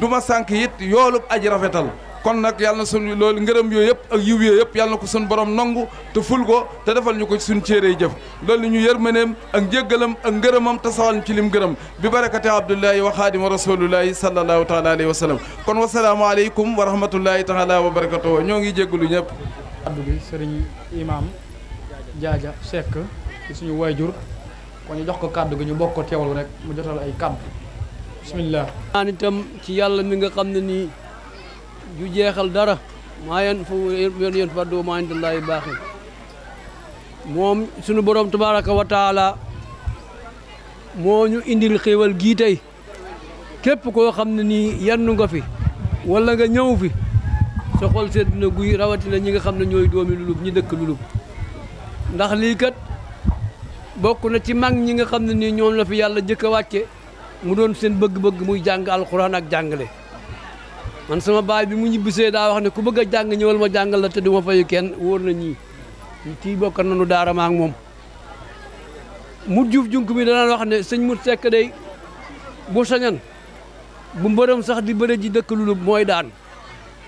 du ma sànk it yoolub aj rafetal kon nag yàlla na sunu loolu ngërëm yooyu yëpp ak yiw yooyu yëpp yàlla na ko sunu borom nangu te ful ko te defal ñu ko suñ céerey jëf loolu ñu yërmaneem ak njéggalam ak ngërëmam te sawal ci lim ngërëm bi barakati abdullahi wa xaadima rasulullahi sallallahu taala alayhi wa sallam kon wasalaamu aleykum wa rahmatullahi taala wa barakatuhu ñoo ngi jéggalu ñëpp addu bi sëriñ imam jaaja sekk ci suñu waajur kon ñu jox ko kàddu gi ñu bokk ko teewlu rek mu jotal ay kàddu bismillah naan ci yàlla mi nga xam ne nii ju jeexal dara maa yen fu yen yen faddu maa yen dallaahi moom sunu borom tabaraka wa taala moo ñu indil xéewal gii tey képp koo xam ne nii yenn nga fi wala nga ñëw fi sa xol sedd na guy rawatina ñi nga xam ne ñooy doomi lulub ñi dëkk lulub ndax lii bokku na ci mag ñi nga xamne ni ñoom la fi yalla jëk wacce mu doon seen bëgg bëgg muy jang alquran ak jangale man sama baay bi mu ñibisé da wax ne ku bëgg jang ñewal ma jangal la te duma fayu kenn woor na ñi ci bokk nanu daara ma ak mom mu juuf junk mi na wax ne señ mur sekk day bu sañan bu sax di bëre ji lu lulu moy daan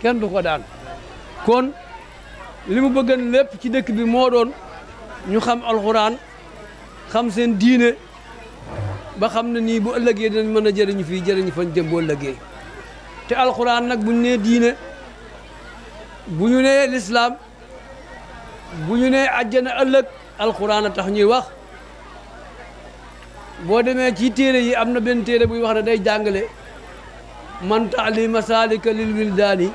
kenn du ko daan kon limu mu lepp ci dekk bi mo doon ñu xam xam seen diine ba xam ne nii bu ëllëgee dinañ mën a jëriñu fii jëriñu fañ jëm bu ëllëgee te alxuraan nag bu ñu nee diine bu ñu nee lislaam bu ñu nee àjjana ëllëg alxuraan a tax ñuy wax boo demee ci téere yi am na benn téere buy wax ne day jàngale man taalima saalika lil wildaani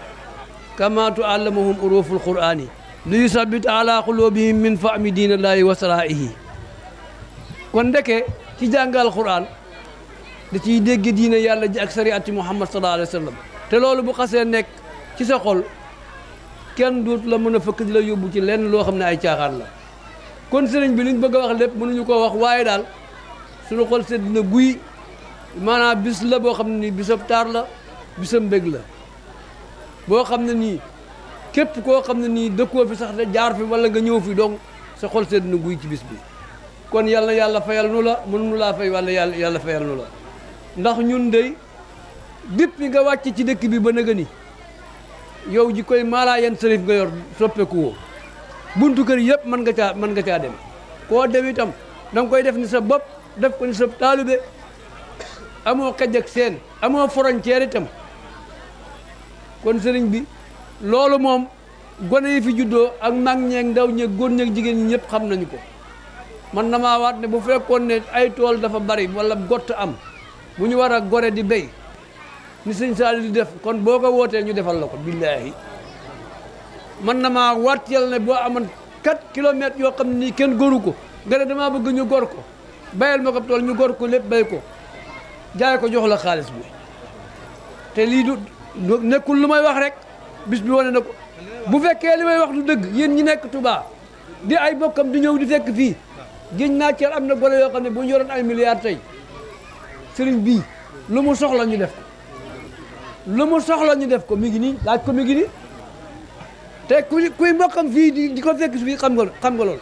kama tuallamahum uruful quraani li yusabbita ala qulubihim min fahmi diinallaahi wa saraihi kon ndeke ci jàng alquran da ciy dégg diine yàlla ji ak sariati muhammad sallallahu alayhi wa sallam te loolu bu xasee nekk ci sa xol kenn duut la mën a fëkk di la yóbbu ci lenn loo xam ne ay caaxaan la kon sëriñ bi liñ bëgg a wax lépp mënuñu ko wax waaye daal suñu xol sedd na guy maanaam bis la boo xam ne nii bisab taar la bisab mbég la boo xam ne nii képp koo xam ne nii dëkkoo fi sax te jaar fi wala nga ñëw fi donc sa xol sedd na guy ci bis bi kon yàlla yàlla fayal nu la mën nu laa fay wàlla yàlla yàlla fayal nu la ndax ñun dey depuis nga wàcce ci dëkk bi ba nëga ni yow ji koy maalaa yen sërif nga yor soppeeku woo buntu kër yëpp mën nga caa mën nga caa dem koo dem itam danga koy def ni sa bopp def ko ni sa taalibe amoo xaj ak seen amoo frontière itam kon sëriñ bi loolu moom gone yi fi juddoo ak mag ñeeg ndaw ñeeg góor ñeeg jigéen ñi ñëpp xam nañu ko mën na maa waat ne bu fekkoon ne ay tool dafa bari wala gott am bu ñu war a gore di béy ni sëñ Saaliw di def kon boo ko wootee ñu defal la ko billaahi mën na maa waat yal ne boo amoon 4 kilomètres yoo xam nii kenn góoru ko nga ne damaa bëgg ñu gor ko bayal ma ko tool ñu gor ko lépp bay ko jaay ko jox la xaalis bi te lii du nekkul lu may wax rek bis bi wone na ko bu fekkee li may wax du dëgg yéen ñi nekk Touba di ay bokkam du ñëw di fekk fii géñ naa ci am na gone yoo xam ne bu ñu ay milliards tey sëriñ bii lu mu soxla ñu def ko lu mu soxla ñu def ko mi ngi nii laaj ko mi ngi te ku kuy mbokkam fii di di ko fekk fii xam nga xam nga loolu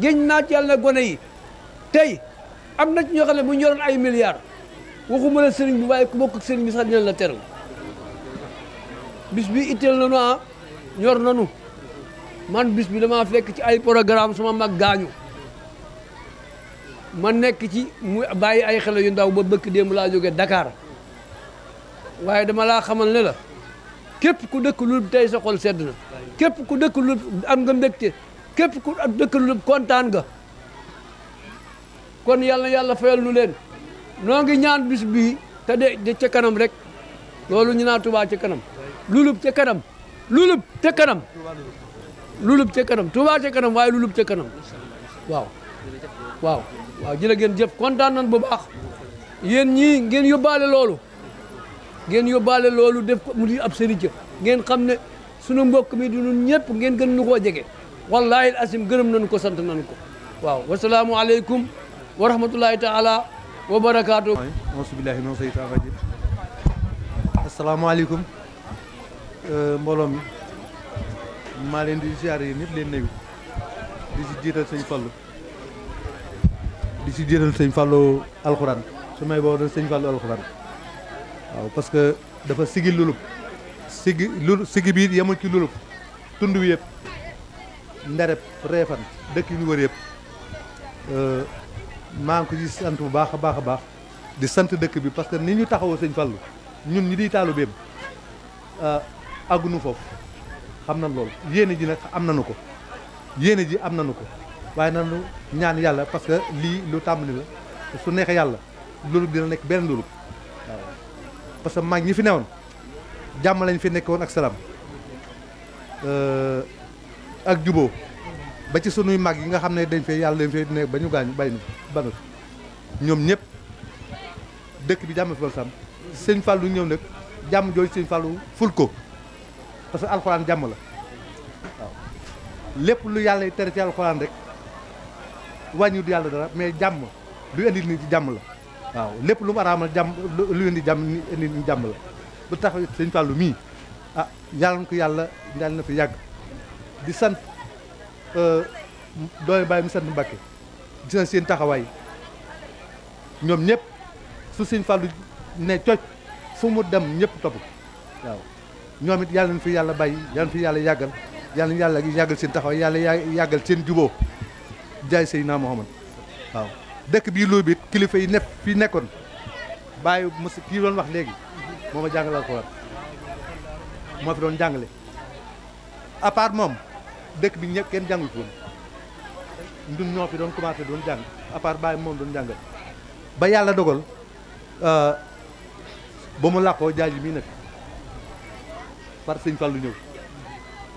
géñ naa ci yàlla na gone yi tey am na ci ñoo xam ne bu ñu yoroon ay milliards waxuma la sëriñ bi waaye ku bokk ak sëriñ bi sax dina la teral bis bi itteel nanu ah ñor nanu man bis bi damaa fekk ci ay programme suma mag gaañu ma nekk ci mu bàyyi ay xale yu ndaw ba bëkk démb laa jóge Dakar waaye dama laa xamal ne la képp ku dëkk lu tey sa sedd na képp ku dëkk lu am nga mbégte képp ku dëkk lu kontaan nga kon yàlla yàlla fayal nu leen noo ngi ñaan bis bii te de ca kanam rek loolu ñu naa tubaa ca kanam lulub ca kanam lulub ca kanam lulub ca kanam tubaa ca kanam waaye lulub ca kanam waaw waaw waaw jërë ngeen jëf kontaan nañ bu baax yéen ñii ngeen yóbbaale loolu ngeen yóbbaale loolu def ko mu di ab sëriñ ngeen xam ne sunu mbokk mi du nun ñëpp ngeen gën ñu koo jege wallaahi asim gërëm nañu ko sant nañu ko waaw wasalaamu aleykum wa rahmatullahi taala wa barakaatu asubilahi man saytaan rajim euh, mbooloo mi maa leen di siyaare yéen ñëpp leen nayu di si jiital sëñ Fallu di si jëral sëñ Fallou alxuraan su may boo doon sëñ Fallou alxuraan waaw parce que dafa sigi lulub sigi lu sigi bi yemul ci lulub tund wi yëpp ndereb reefan dëkk yi ñu wër yëpp euh, maa ngi ko ci sant bu baax a baax a baax di sant dëkk bi parce que ni ñu taxawoo sëñ Fallou ñun ñi di taalu béem euh, àggunu foofu xam na loolu yéene ji nag am nanu ko yéene ji am nanu ko waaye nanu ñaan yàlla parce que lii lu tàmbali la su neexee yàlla loolu dina nekk benn loolu waaw parce que mag ñi fi newoon jàmm lañu fi nekkoon ak salaam euh, ak juboo ba ci sunuy mag yi nga xam ne dañ fee yàlla dañ fee nekk ba ñu gaañu bay banu ñoom ñëpp dëkk bi jàmm fi wal sam sëñ Fallou ñëw nag jàmm jooju sëñ Fallou ful ko parce que alxuraan jàmm la lépp lu yàlla tere ci alxuraan rek wàññiwut yàlla dara mais jàmm lu indi nit jàmm la waaw lépp lu mu araamal jàmm lu indi jàmm indi nit jàmm la lu tax sëñ Fallou mii ah yàlla na fi yàgg di sant euh, doomi bàyyi mu sant Mbàkke di sant seen taxawaay ñoom ñëpp su sëñ Fallou ne coj fu mu dem ñëpp topp waaw ñoom it yàlla na fi yàlla bàyyi yàlla na fi yàlla yàggal yàlla na yàlla yàggal seen taxawaay yàlla yàggal seen juboo jaay Seydina Muhammad waaw dëkk bii Luub it kilifa yi nekk fii nekkoon bàyyi mos kii doon wax léegi moo ma jàngal alxuraan moo fi doon jàngale à part moom dëkk bi ñëpp kenn jàngul fi woon ñun ñoo fi doon commencé doon jàng à part bàyyi moom doon jàngal ba yàlla dogal euh, ba mu làqoo jaay ji mii nekk par sëñ Fallu ñëw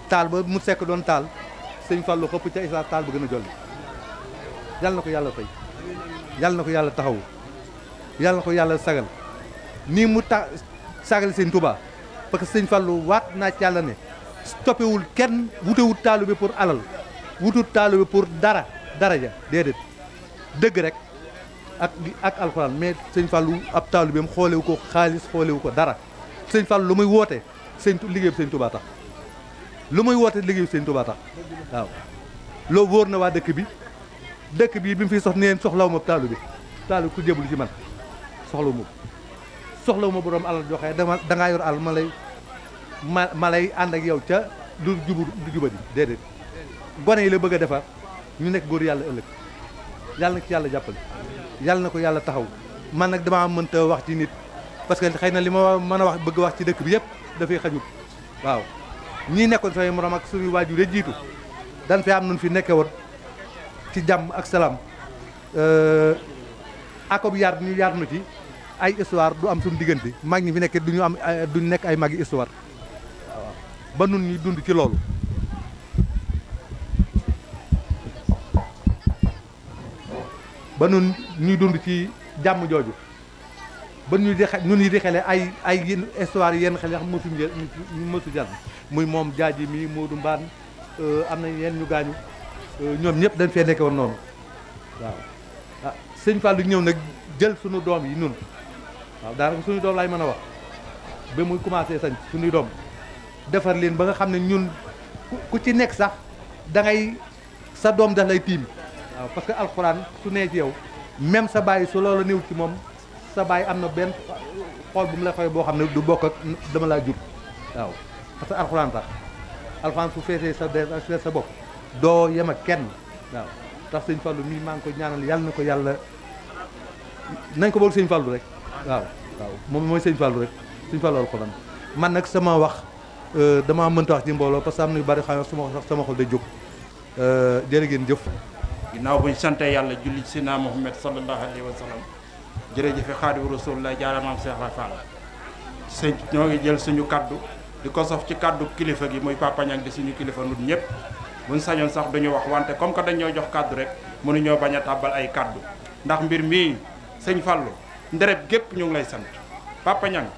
taal ba mu sekk doon taal sëñ Fallu xëpp ca isaa taal ba gën a jolli yàlla na ko yàlla fay yàlla na ko yàlla taxawu yàlla ko yàlla sagal nii mu ta sagal sëñ Touba parce que sëñ Fallou waat naa ci yàlla ne stoppewul kenn wutewut taalu bi pour alal wutut taalu bi pour dara dara ja déedéet dëgg rek ak ak alxuraan mais sëñ Fallou ab taalu bi am xoolewu ko xaalis xoolewu ko dara sëñ Fallou lu muy woote sëñ liggéey bi sëñ Touba tax lu muy woote liggéey bi sëñ Touba tax waaw loo wóor na waa dëkk bi dëkk bii bi mu fiy sox neen soxlaw ma taalu bi taalu ku jéblu ci man soxlaw ma soxlaw ma borom alal joxe dama dangay yor alal ma lay ma ma lay ànd ak yow ca lu jubu lu jubadi déedéet gone yi la bëgg a defar ñu nekk góor yàlla ëllëg yàlla na ci yàlla jàppale yàlla na ko yàlla taxaw man nag damaa mënta wax ci nit parce que xëy na li ma mën a wax bëgg wax ci dëkk bi yëpp dafay xajul waaw ñii nekkoon samay morom ak suñu waajur jiitu dan fi am nun fi nekke woon ci jàmm ak salaam euh, akob yar ñu yar nu ci ay histoire du am suñu diggante mag ñi fi nekk du ñu am du nekk ay magi histoire ba nun ñuy dund ci loolu ba nun ñuy dund ci jàmm jooju ba ñu di ñun yi di xele ay ay yenn histoire yenn xel yoo xam mosuñu mosu jar muy moom jaaji mi Modou Mbane euh, am na yenn ñu gaañu Euh, ñoom ñëpp dañ fee nekk woon noonu waaw ah sëñ Fallou ñëw nag jël suñu doom yi nun waaw daanaka suñu doom laay mën a wax ba muy commencé sañ suñuy doom defar leen ba nga xam ne ñun ku ci nekk sax dangay sa doom daf lay tiim waaw parce que alxuraan su nee ci yow même sa bàyyi su loola néew ci moom sa bàyyi am na benn xool bu mu la xooy boo xam ne du bokk ak dama laa jur waaw parce que alxuraan sax alxuraan su feesee sa dee ak sa bopp doo yem kenn waaw tax sëñ Fallou mii maa ngi ko ñaanal yàlla na ko yàlla nañ ko boog sëñ Fallou rek waaw waaw moom mooy sëñ Fallou rek sëñ ko alxuraan man nag sama wax euh, damaa mënta wax ci mbooloo parce que am na yu bari xam sama wax sax sama xol day jóg euh, jërë ngeen jëf ginnaaw buñ sante yàlla julli si naa Muhammad sallallahu alayhi wa sallam jërëjëfe Xaadimu Rasulullah jaaramaam Seex Rafal sëñ ñoo ngi jël suñu kàddu di ko sof ci kàddu kilifa gi muy Papa Niang di ñëpp buñ sañoon sax duñu wax wante comme que dañoo jox kàddu rek mënuñoo bañ a tàbbal ay kàddu ndax mbir mii sëñ Fallou ndereb gépp ñu ngi lay sant Papa Niang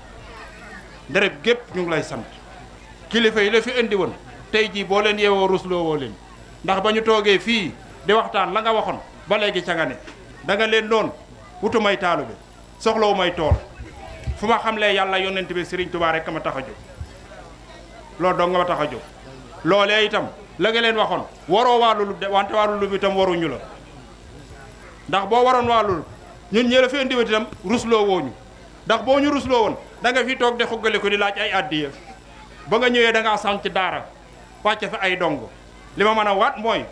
ndereb gépp ñu ngi lay sant kilifa yi la fi indi woon tey jii boo leen yeewoo rusloo woo leen ndax ba ñu toogee fii di waxtaan la nga waxoon ba léegi ca nga ne da nga leen doon wutu may taalu bi soxlawu may tool fu ma xamlee yàlla yonent bi Serigne Touba rek ma tax a jóg lool dong nga ma tax a jóg loolee itam. la nga leen waxoon waroo waa lu de wante waa lulub itam waruñu la ndax boo waroon waa lulub ñun ñee la fi indiwati rusloo wooñu ndax boo ñu rusloo woon da nga fi toog de xogale ko di laaj ay addiya ba nga ñëwee da ngaa sànc daara wàcce fa ay dong li ma mën a waat mooy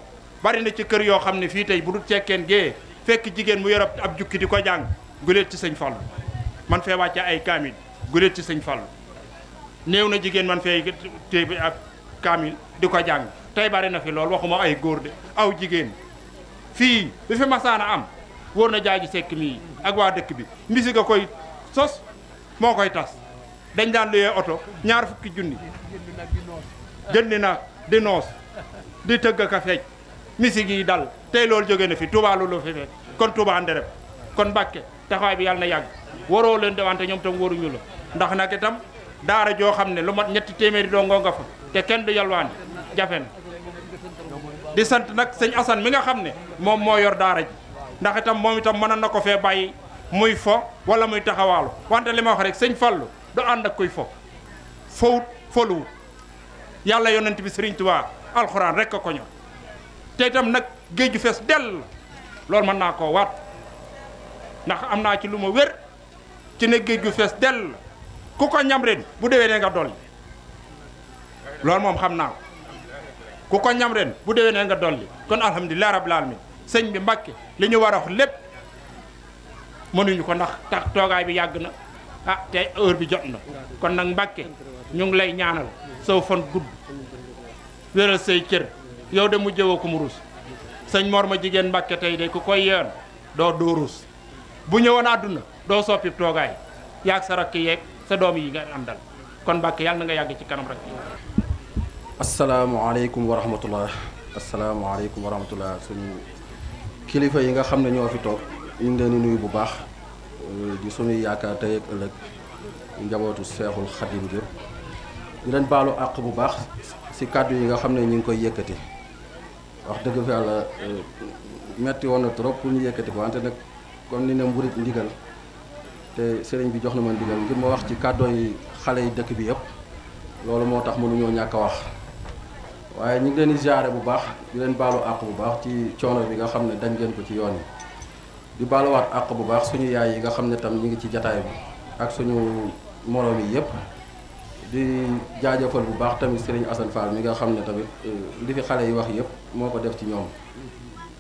bari na ci kër yoo xam ne fii tey bu dul cekkeen gee fekk jigéen mu yorab ab jukki di ko jàng guleet ci sëñ Fallu man fee wàcce ay kaamil guleet ci sëñ Fallu néew na jigéen man fee téye ab kaamil di ko jàng tey bari na fi lool waxuma ay góor de aw jigéen fii bi fi masaana am wóor na jaaji sekk mii ak waa dëkk bi mbisi nga koy sos moo koy tas dañ daan luyee oto ñaar fukki junni jëndi na di noos di tëgg ka feej misig yi dal tey loolu jóge na fi Touba loolu fi fekk kon Touba ndereb kon Mbàkke taxawaay bi yàlla na yàgg waroo leen dewante ñoom tam waruñu la ndax nag itam daara joo xam ne lu mat ñetti téeméeri dongoo nga fa te kenn du yalwaani jafe na di sant nag sëñ Assane mi nga xam ne moom moo yor daara ji ndax itam moom itam mënoon na ko fee bàyyi muy fo wala muy taxawaalu wante li ma wax rek sëñ Fallu du ànd ak kuy fo fowut foluwut yàlla yonent bi sëriñ Tuubaa alxuraan rek a ko ñor te itam nag géej ju fees dell loolu mën naa koo waat ndax am naa ci lu ma wér ci ne géej gu fees dell ku ko ñam bu dewee ne nga dolli loolu moom xam naa ko ku ko ñam bu dewee déwénee nga dolli kon alhamdulilah rabbil alamin sëñ bi Mbàkke li ñu war a lépp mënuñu ko ndax tax toogaay bi yàgg na ah tey heure bi jot na kon nag Mbàkke ñu ngi lay ñaanal sow fan gudd wéral say cër yow de mu jëwoo ko mu ruus sëñ Mor ma jigéen Mbàkke tey de ku koy yeewoon doo doo ruus bu ñëwoon àdduna doo soppi toogaay yaag sa rakk yeeg sa doom yi nga am kon Mbàkke yàlla na nga yàgg ci kanam rek السلام عليكم ورحمة الله السلام عليكم ورحمة الله سوني كلفة ينعا خم دنيا في توك إنداني نوي بباخ دي سوني يا كاتي لك إن جابوا تسيح الخادم جر يلان بالو أقو بباخ سكادو ينعا خم دنيا ينكو يكتي وقت كيف على ماتي وانا تروب كوني يكتي وانت نك كوني نمبري تنقل تسرين بيجوه نمان تنقل جم وقت كادو يخلي دك بيب لولا ما تحملون يوم يا كواخ waaye ñu ngi leen di ziare bu baax di leen baalu àq bu baax ci coono bi nga xam ne dañ geen ko ci yoon yi di baaluwaat àq bu baax suñu yaay yi nga xam ne tam ñu ngi ci jataay ak suñu moroom yi yëpp di jaajëfal bu baax tamit Serigne Assane Fall mi nga xam ne tamit euh, li fi xale yi wax yëpp moo ko def ci ñoom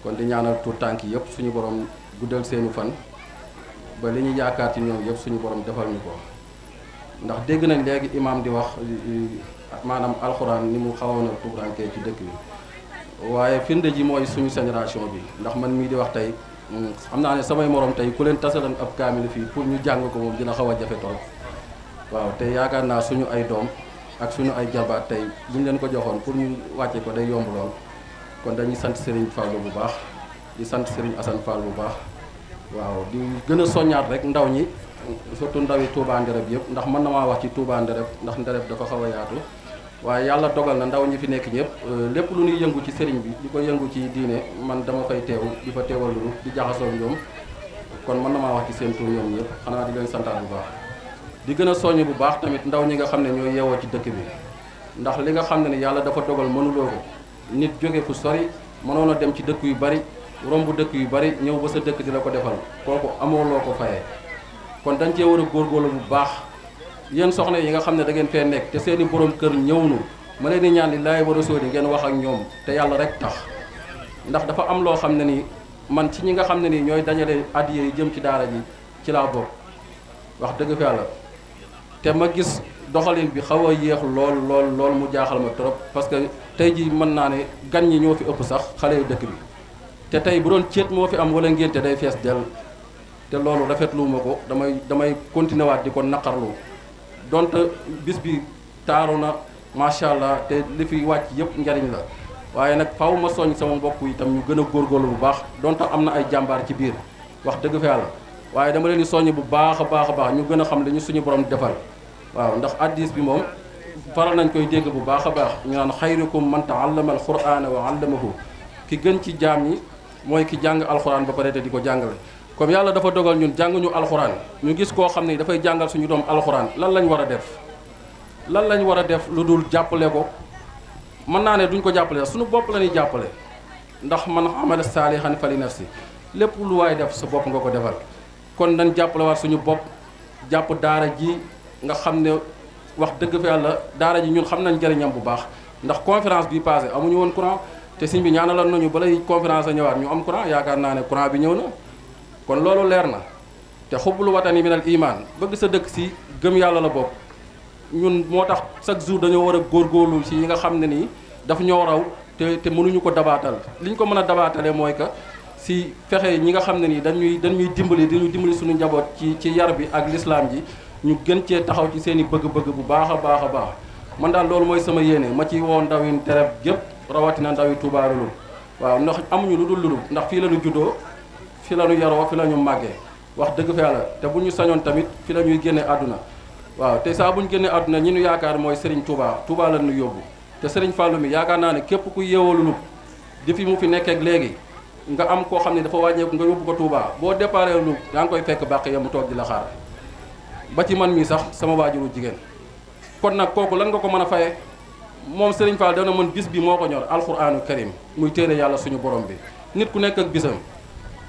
kon di ñaanal tur tànk yëpp suñu borom guddal seenu fan ba li ñu yaakaar ci ñoom yëpp suñu borom defal ñu ko ndax dégg nañ léegi imam di wax. Euh, maanaam alxuraan ni mu xawoon a tuuraanke ci dëkk bi waaye firnde ji mooy suñu génération bi ndax man mii di wax tey mm, xam naa ne samay morom tey ku leen tasaloon ab kaamil fii pour ñu jàng ko moom dina xaw a jafe torop waaw te yaakaar naa suñu ay doom ak suñu ay jarbaat tey bu leen ko joxoon pour ñu wàcce ko day yomb lool kon dañuy sant Serigne Fallou bu baax di sant Serigne Assane Fall bu baax waaw di gën a soññaat rek ndaw ñi surtout ndawi Touba Ndereb yëpp ndax mën na maa wax ci Touba ndax Ndereb dafa xaw a waaye yàlla dogal na ndaw ñi fi nekk ñëpp euh, lépp lu ñuy yëngu ci sëriñ bi di ko yëngu ci diine man dama koy teew di fa teewal lu di jaxasoo ñoom kon mën na maa wax ci seen tur ñoom ñëpp xanaa di leen santaan bu baax di gën a soññ bu baax tamit ndaw ñi nga xam ne ñooy yeewoo ci dëkk bi ndax li nga xam ne ne yàlla dafa dogal mënuloo ko nit jóge fu sori mënoon dem ci dëkk yu bari romb dëkk yu bari ñëw ba sa dëkk di la ko defal kooku amooloo ko fayee bu baax yenn soxna yi nga xam ne da ngeen fee nekk te seen i borom ñëw ñëwunu ma leen di ñaan li laay war a sóori ngeen wax ak ñoom te yàlla rek tax ndax dafa am loo xam ne ni man ci ñi nga xam ne ni ñooy dajale addiya yi jëm ci daara ji ci laa bokk wax dëgg fi yàlla te ma gis doxalin bi xaw a yéex lool lool lool mu jaaxal ma trop parce que tey ji mën naa ne gan ñi ñoo fi ëpp sax xale yu dëkk bi te tey bu doon céet moo fi am wala ngénte day fees dell te loolu rafetlu ma damay damay continuer waat di ko naqarlu donte bis bi taaru na macha allah te li fi wàcc yëpp njariñ la waaye nag faw ma soñ sama mbokk itam ñu gën a góorgóorlu bu baax dont am na ay jàmbaar ci biir wax dëgg fi yàlla waaye dama leen di soññ bu baax a baax a baax ñu gën a xam li suñu borom defal waaw ndax addis bi moom faral nañ koy dégg bu baax a baax ñu naan xayrukum man taallama alqurana wa allamahu ki gën ci jaam yi mooy ki jàng alxuraan ba pare te di ko jàngale comme yàlla dafa dogal ñun jànguñu alxuraan ñu gis koo xam ne dafay jàngal suñu doom alxuraan lan lañ war a def lan lañu war a def lu dul jàppale ko mën naa ne duñ ko jàppale suñu bopp lañuy jàppale ndax man amala saalihan fali si lépp lu waaye def sa bopp nga ko defal kon nañ jàppale waat suñu bopp jàpp daara ji nga xam ne wax dëgg fa yàlla daara ji ñun xam nañ njëriñam bu baax ndax conférence bi passé amuñu woon courant te sëñ bi ñaanaloon nañu balay conférence a ñëwaat ñu am courant yaakaar naa ne courant bi ñëw na kon lolu leer na te xubbul watani al iman bëgg sa dëkk si gëm yalla la bopp ñun motax chaque jour dañu wara gor góorgóorlu si yi nga xam ni daf ñoo raw te te mënuñu ko dabatal liñ ko mëna dabatalé moy ka si fexe ñi nga xam ni dañuy dañuy dimbali dañuy dimbali suñu njabot ci ci yar bi ak l'islam ji ñu gën ci taxaw ci seeni bëgg-bëgg bu baaxa baaxa baax man dal loolu moy sama yene ma ci woo terep tereb rawati na ndawi Touba waaw ndax amuñu lu dul lu ndax fi lañu fi la ñu yaroo fi la ñu màggee wax dëgg fa yàlla te bu ñu sañoon tamit fi la ñuy génne àdduna waaw te saa bu ñu génnee àdduna ñi ñu yaakaar mooy Serigne Touba Touba la ñu yóbbu te Serigne Fallou mi yaakaar naa ne képp ku yeewalulu di fi mu fi nekkeek léegi nga am koo xam ne dafa wàññeeku nga yóbbu ko Touba boo déparé lu yaa ngi koy fekk bàq ya mu toog di la xaar ba ci man mii sax sama waajuru jigéen kon nag kooku lan nga ko mën a faye moom Serigne Fall dana mën bis bi moo ko ñor alxuraanu karim muy téere yàlla suñu borom bi nit ku nekk ak bisam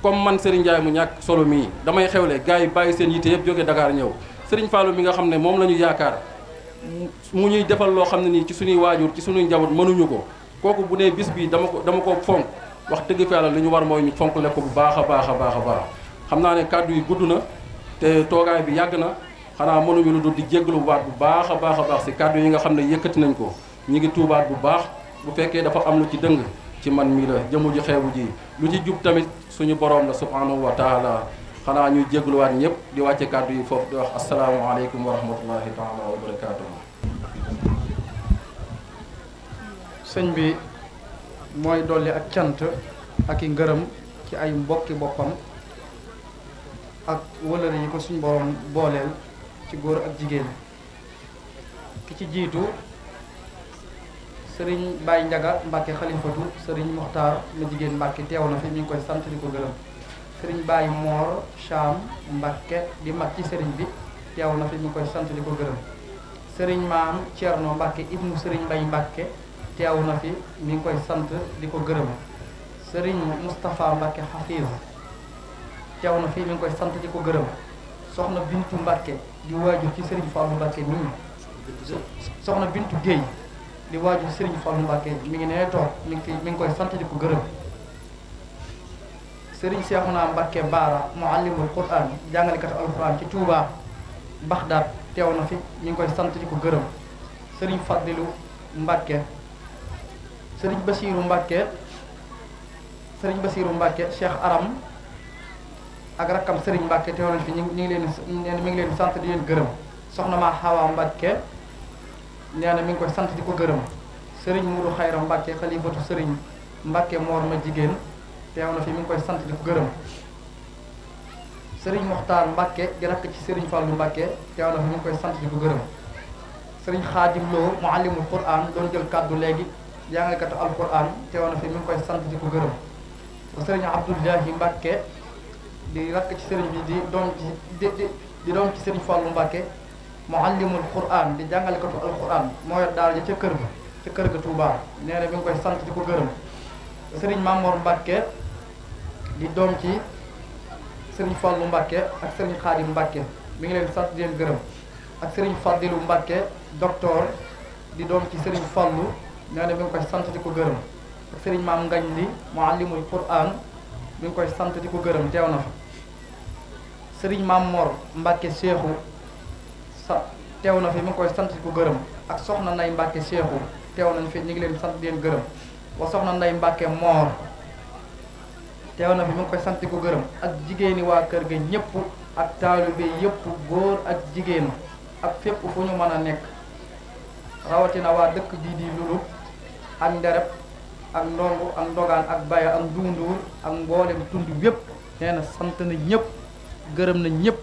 comme man Serigne Ndiaye mu ñàkk solo mii damay xewle gars yi bàyyi seen yitte yëpp jóge Dakar ñëw sëriñ Fallou mi nga xam ne moom lañu ñu yaakaar mu ñuy defal loo xam ne nii ci suñu waajur ci suñu njaboot mënuñu ko kooku bu nee bis bii dama ko dama ko fonk wax dëgg fi yàlla li ñu war mooy ñu fonk lekk ko bu baax a baax a baax a baax xam naa ne kàddu yi gudd na te toogaay bi yàgg na xanaa mënuñu lu dul di jéggalu waat bu baax a baax a baax si kàddu yi nga xam ne yëkkati nañ ko ñu ngi tuubaat bu baax bu fekkee dafa am ci dëng ci man mii la jëmu ji xeebu ji lu ci jub tamit suñu borom la subhanahu wa xanaa ñuy jégluwaat ñëpp di wàcce kàddu yi foofu di wax asalaamualeykum wa rahmatullahi taala wa barakaatuhu sëñ bi mooy dolli ak cant ak i ngërëm ci ay mbokki boppam ak wëlëre yi ko suñu borom booleel ci góor ak jigéen ki ci jiitu sëriñ Baye Ndiaga Mbacke xalifatu sëriñ Muxtaar ma jigéen Mbacke teew na fi ñu ngi koy sant di ko gërëm sëriñ Baye Mor Cham Mbacke di ci sëriñ bi teew na fi ñu ngi koy sant di sëriñ maam Thierno Mbacke ibnu sëriñ Mbaye Mbacke teew na fi mi ngi koy sant di ko gërëm sëriñ Moustapha Mbacke Hafiz teew na fi mi ngi koy sant di ko gërëm soxna Bintu Mbacke di waajur ci sëriñ Fallou Mbacke mii soxna Bintu Guèye di waajur Serigne Fallou Mbacké mi ngi nee toog mi ngi mi ngi koy sant di ko gërëm Serigne Cheikhouna Mbacké Baara muallimul Qur'an jàngalekatu alquran ci Touba Baxdaad teew na fi ñu ngi koy sant gërëm sëriñ Fadilou Mbacké Serigne Bassirou Mbacké Serigne Bassirou Mbacké Cheikh Aram ak rakkam Serigne Mbacké teew nañ fi ñu ngi leen mi ngi leen di sant di leen gërëm soxna maa Xawa Mbacké nee na mi ngi koy sant di ko gërëm sëriñ Mourou xayra Mbacke xalifatu sëriñ Mbacke Mor ma jigéen teew na fi mi ngi koy sant di ko gërëm sëriñ Mokhtar Mbacke ci sëriñ Fallou Mbacke teew na fi ngi koy sant di gërëm sëriñ Xaadim Lo mu allimul Qur'an doon jël kàddu léegi jàngalekatu Alqur'an teew na fi mi ngi koy sant di ko gërëm sëriñ Abdoulahi Mbacke di rakk ci sëriñ bi di doom ci di di doom ci sëriñ Fallou Mbacke. muallimul quran di jàngalekatu alquran moo yor daara ja ca kër gi ca kër ga Touba nee na mi koy sant di ko gërëm sëriñ Mamour Mbacke di doom ci sëriñ Fallou Mbacke ak sëriñ Khadim Mbacke mi ngi leen sant di leen gërëm ak sëriñ Fadilou Mbacke docteur di doom ci sëriñ Fallou nee na mi koy sant di ko gërëm ak sëriñ Maam Ngañ li muallimul quran mi ngi koy sant di ko gërëm teew na fa sëriñ Mamour Mbacke Cheikhou sa teew na fi mu koy sant ko gërëm ak soxna nday mbacke cheikhou teew nañ fi ñi ngi leen sant di leen gërëm wa soxna nday mbacke mor teew na fi mu koy sant ko gërëm ak jigéeni wa kër ga ñepp ak talibé yépp goor ak jigéen ak fepp fu ñu mëna a rawati na wa dëkk bi di lulu ak ndereb ak ndongu ak ndogaan ak baye ak nduunduur ak mboolem tundu yépp neena sant na ñepp gërëm na ñepp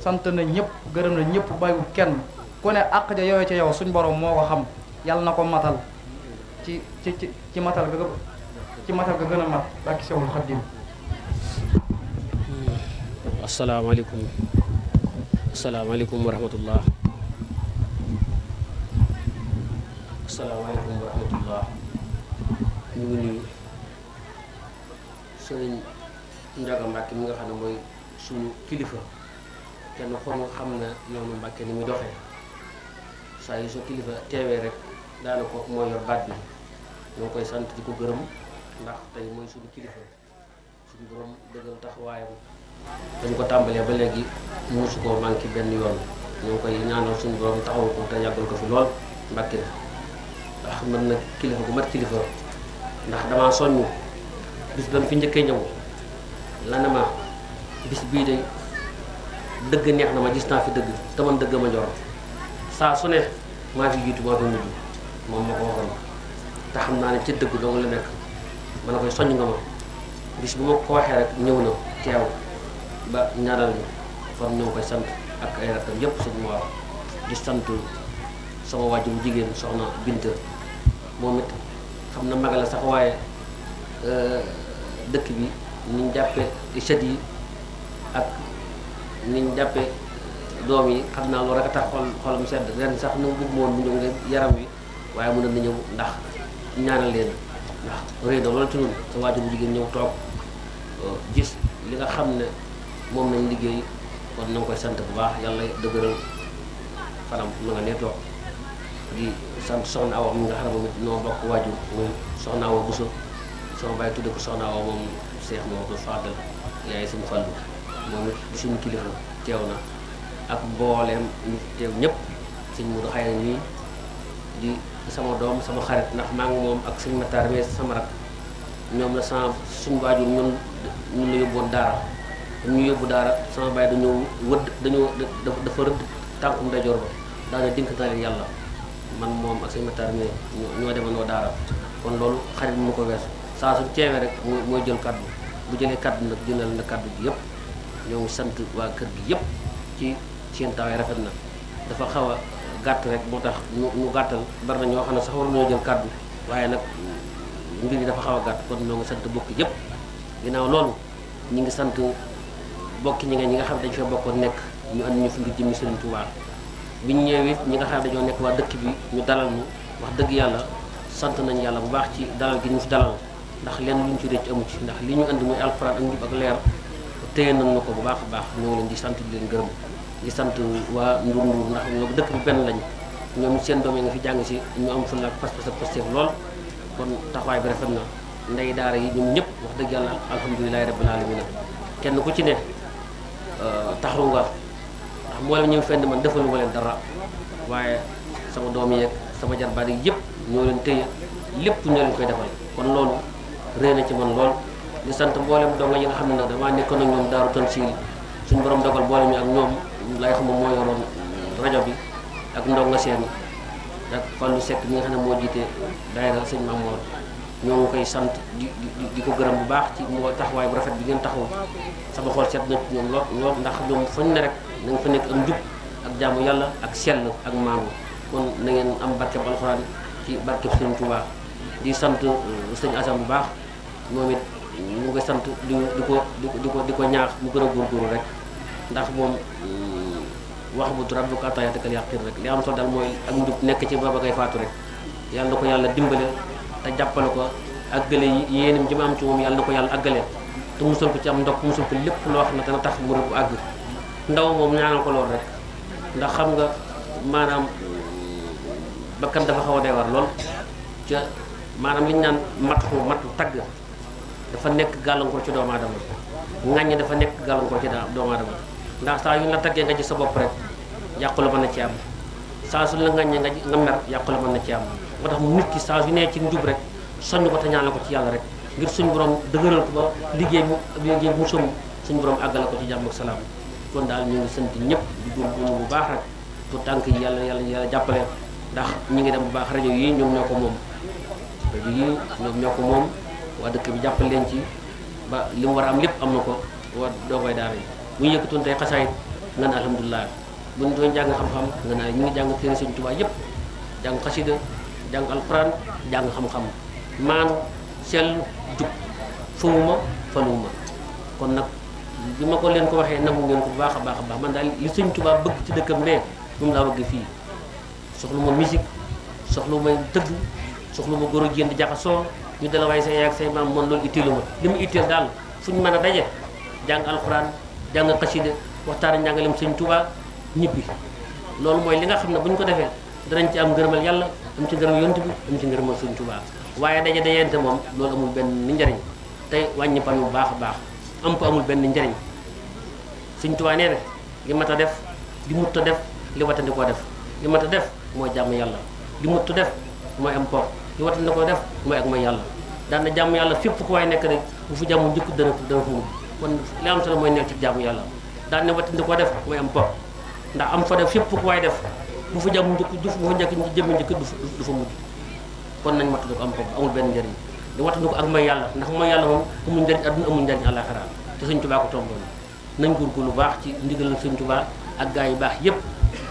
sant na ñëpp gërëm na ñëpp bàyyiwul kenn ku ne àq ja yooyu ca yow suñ borom moo ko xam yàlla na ko matal ci ci ci matal ga ci matal ga gën a mat bàkki sewul xaddim asalaamaaleykum asalaamaaleykum wa rahmatullah asalaamaaleykum wa rahmatullah ñu ngi nuyu sëriñ Njaga Mbàkke nga xam ne mooy suñu kilifa kenn ku ne xam na yoonu Mbàkke ni muy doxe saa yu sa kilifa teewee rek daana ko moo yor baat bi ñoo koy sant di ko gërëm ndax tey mooy suñu kilifa suñu borom dëggal taxawaayam dañ ko tàmbalee ba léegi musu koo manqué benn yoon ñoo koy ñaanal suñu borom taxawu ko te yàggal ko fi lool Mbàkke ndax mën na kilifa bu mat kilifa ndax damaa soññ bis ba mu fi njëkkee ñëw lanama bis bii de. dëgg neex na ma gis naa fi dëgg te man dëgg ma ñor saa su ne maa fi jiitu maa fi mujj moom ma ko waxoon xam naa ne ci dëgg dong la nekk koy soññ nga ma bis bu ko waxee rek ñëw na teew ba ñaanal ñu koy sant ak ay rakkam yépp suñu waaw di jigéen soxna Binta moom sax waaye euh, dëkk bi ñu jàppee sët yi ak niñ jàppee doom yi xam naa loolu rek a tax xol xolam sedd ren sax na bëgg moom mu ñëw leen yaram wi waaye mënoon na ñëw ndax ñaanal leen ndax rëy loolu ci noonu sa waajur bu jigéen ñëw toog euh, gis li nga xam ne moom lañ liggéey kon na nga koy sant bu baax yàlla dëgëral fanam lu nga ne toog di sant soxna Awa mi nga xam ne moom it noo bokk waajur muy soxna Awa Bousso sama bàyyi tudde ko soxna Awa moom Cheikh moom ko Fadal yaay suñu fàllu moom suñu kilifa teew na ak mbooleem ñu teew ñëpp di sama dom sama xarit nak maa ngi ak Matar sama rak ñoom la sama suñu waajur ñun ñun la yóbboon daara ñu sama baay dañoo wëdd dañoo dafa rëdd tànkum ndajoor ba daana dénk naa leen man moom ak sëñ Matar mais ñoo demandoo daara kon loolu xarit mu ko weesu saa su teewee rek jël bu jëlal na ñoo sant waa kër gi yëpp ci seen tawaay rafet na dafa xaw a gàtt rek moo tax ñu gàttal bari na ñoo xam ne sax war ñoo jël kàddu waaye nag mbir yi dafa xaw a gàtt kon ñoo ngi sant bokki yëpp ginnaaw loolu ñu ngi sant bokki ñi nga nga xam dañu fee bokkoon nekk ñu andi ñu fi ngir jëmmi Serigne Touba bi ñu ñëwee ñi nga xam dañoo nekk waa dëkk bi ñu dalal mu wax dëgg yàlla sant nañu yàlla bu baax ci dalal gi ñu fi dalal ndax lenn lu ñu ci rëcc amu ci ndax li andi muy alxuraan ak njub leer téye nañ na ko bu baax a baax ñoo leen di sant di leen gërëm di sant waa Ndour Ndour ndax ñoo dëkk bu benn lañu ñoom seen doom yi nga fi jàng si ñu am fulla ak pas-pas ak pasteef lool kon taxawaay bi rafet na ndey daara yi ñoom ñëpp wax dëgg yàlla alhamdulilahi rabbil ne kenn ku ci ne euh, taxaw nga ndax mboolem ñu fenn man defalu leen dara waaye sama doom yeeg sama jarbaat yi yëpp ñoo leen téye lépp ñoo leen koy defal kon loolu réy na ci man lool di sant mboolem dongo yi nga xam ne nag damaa nekkoon ak ñoom daaru tansil suñu borom dogal mboolem yi ak ñoom lay xam moo yoroon rajo bi ak ndongo seen ak Fallou Seck mi nga xam ne moo jiite daayira sëñ Mamour ñoo ngi sant di ko gërëm bu baax ci moo taxawaay bu rafet bi ngeen taxaw sama xol seet na ci ñoom lool ndax ñoom fañ na rek na fa nekk am jub ak jaamu yàlla ak sell ak maamu kon na ngeen am barkeb alxuraan ci barkeb sëñ Tuubaa di sant euh, sëñ Assane bu baax moom it ñu ngi sant di di ko di ko di ko ñaax mu gën a góorgóorlu rek ndax moom mm, wax bu rabbu ko attaaya dëkkal yàqin rek li am solo daal mooy ak njub nekk ci ba ba ngay faatu rek yàlla na ko yàlla dimbale te jàppale ko àggale yi yéenam ji ma am ci moom yàlla na ko yàlla àggale te musal ko ci am ndox musal ko lépp loo xam ne dana tax mu rëbb àgg ndaw moom ñaanal ko lool rek ndax xam nga maanaam bakkan dafa xaw a dee war lool ca maanaam li naan matu matu tagg dafa nek galon ko ci doomu adam ngagne dafa nek galon ko ci doomu adam ndax sa yu la tagge nga ci sa bop rek yàqu man ci am sa su la ngagne nga nga mer yàqu man ci am motax mu nit ki sa yu ne ci njub rek soññ ko te ñaanal ko ci yalla rek ngir suñu borom degeural ko ba liggéey mu liggey mu sum suñu borom agal ko ci jamm ak salam kon dal ñu ngi sant ñep di góorgóorlu bu baax rek tu tank yalla yalla yalla jappale ndax ñi ngi dem bu baax rajo yi ñom ñoko mom moom yi ñom ñoko mom waa dëkk bi jàppal leen ci ba li mu war a am lépp am na ko waa doo koy daara yi bu ñu yëkkatoon tey xasaayit nga ne alhamdulilah bu ñu doon jàng xam-xam nga ne ñu ngi jàng téere Sëñ Tuubaa yëpp jàng xasida jàng alquran jàng xam-xam maanu sell jub fawuma fanuma nag bi ma ko leen ko waxee nangu ngeen ko bu baax a baax a baax man daal li Sëñ Tuubaa bëgg ci dëkkam ne moom laa bëgg fii soxlu ma musique soxlu ma tëgg soxlu ma góor a jigéen di jaxasoo ñu dala waaye say yaag say maam man loolu itteelu ma li mu itteel daal fu ñu mën a daje jàng alxuraan jàng xasida waxtaan njàngalem sëñ Tuubaa ñibbi loolu mooy li nga xam ne bu ñu ko defee danañ ci am ngërëmal yàlla am ci ngërëmal yonent bi am ci ngërëmal sëñ Tuubaa waaye daje dajente moom loolu amul benn njariñ tey wàññi pan bu baax a baax am ko amul benn njariñ sëñ Tuubaa nee li mat a def li mut a def li watandi koo def li mat a def mooy jàmm yàlla li mut def mooy am li watal na ko def mooy ak mooy yàlla daan na jàmm yàlla fépp ko waay nekk rek bu fu jàmm njëkk dana dana mujj kon li am solo mooy yàlla daan ne watal na ko def mooy am bopp am fa def fépp waay def bu fa jàmm njëkk du bu fa njëkk jëmm njëkk du fa mujj kon nañ watal ko am bopp amul benn njëriñ di watal ko ak mooy yàlla ndax mooy yàlla moom amul njëriñ adduna amul njëriñ àllaaxira te sëñ Tuubaa ko tomboon nañ góorgóorlu baax ci ndigal sëñ Tuubaa ak gaa yu baax yépp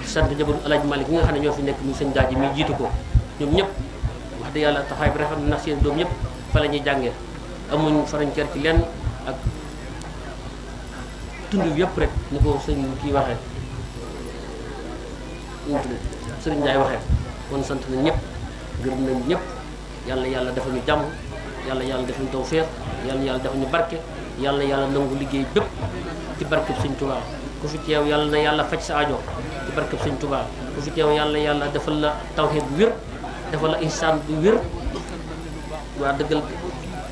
sant jabaru Alaaji Malik ki nga xam ne ñoo fi nekk muy sëñ daa ji muy jiitu ko ñoom ñëpp wax yàlla taxawaay bi rafet na seen doom yëpp fa la ñuy jàngee amuñ frontière ci lenn ak tund yëpp rek ni ko sëñ kii waxee sëriñ Ndiaye waxee kon sant nañ ñëpp gërëm nañ ñëpp yàlla yàlla dafa ñu jàmm yàlla yàlla dafa ñu tawféex yàlla yàlla dafa barke yàlla yàlla nangu liggéey bépp ci barkeb sëñ Tuubaa ku fi teew yàlla na yàlla faj sa ajo ci barkeb sëñ Tuubaa ku fi teew yàlla yàlla defal na tawféex bu wér dafa la insaan bu wér waa dëggal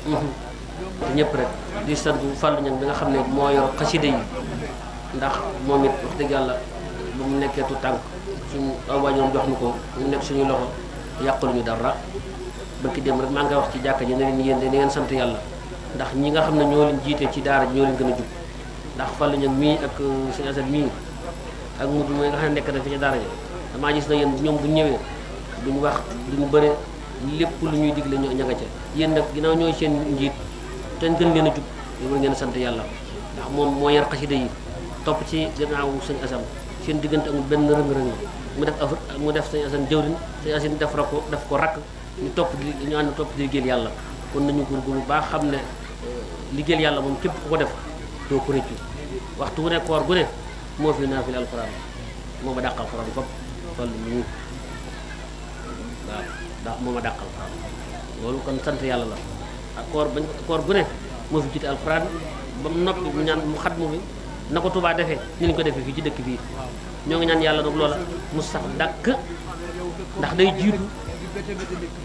mhm. di ñëpp rek di sant bu fàllu ñag bi nga xam mo moo yor xasida yi ndax moom it wax dëgg yàlla bu mu nekkee tu tànk suñu aw waajuram jox nu ko mu nekk suñu loxo yàqul ñu dara bëgg dem rek maa ngi wax ci jàkka ji ne leen yéen de ngeen sant yàlla ndax ñi nga xam ñoo leen ci ñoo leen ndax ak euh, ak mudu nga nekk na fi ci gis na bu duñu wax duñu bëre lépp lu ñuy diglé ñoo ñanga ca yeen nak ginaaw ñooy seen njit tan gën leena jup jub ngeen sant yalla ndax mom mo yar xasida yi top ci ginaaw seen asam seen digënt ak ben rëng-rëng mu def afur mu def seen asan jëwrin seen asan def rako def ko rak ñu top di ñu ànd topp di gël yalla kon nañu góorgóorlu baax xam ne euh, liggéeyal yàlla moom képp ko def do ko reccu waxtu wu ne koor gu ne mo fi naafil alquran mo ba dàq alquran fop toll ñu waaw moo ma dàqal loolu kon sant yàlla la ak koor bañ koor bu ne moo fi jiite alxuraan ba mu noppi mu ñaan mu xatmu bi na ko tubaa defee ñu ko defee fii ci dëkk bii ñoo ngi ñaan yàlla nag loola mu sax dàkk ndax day jiitu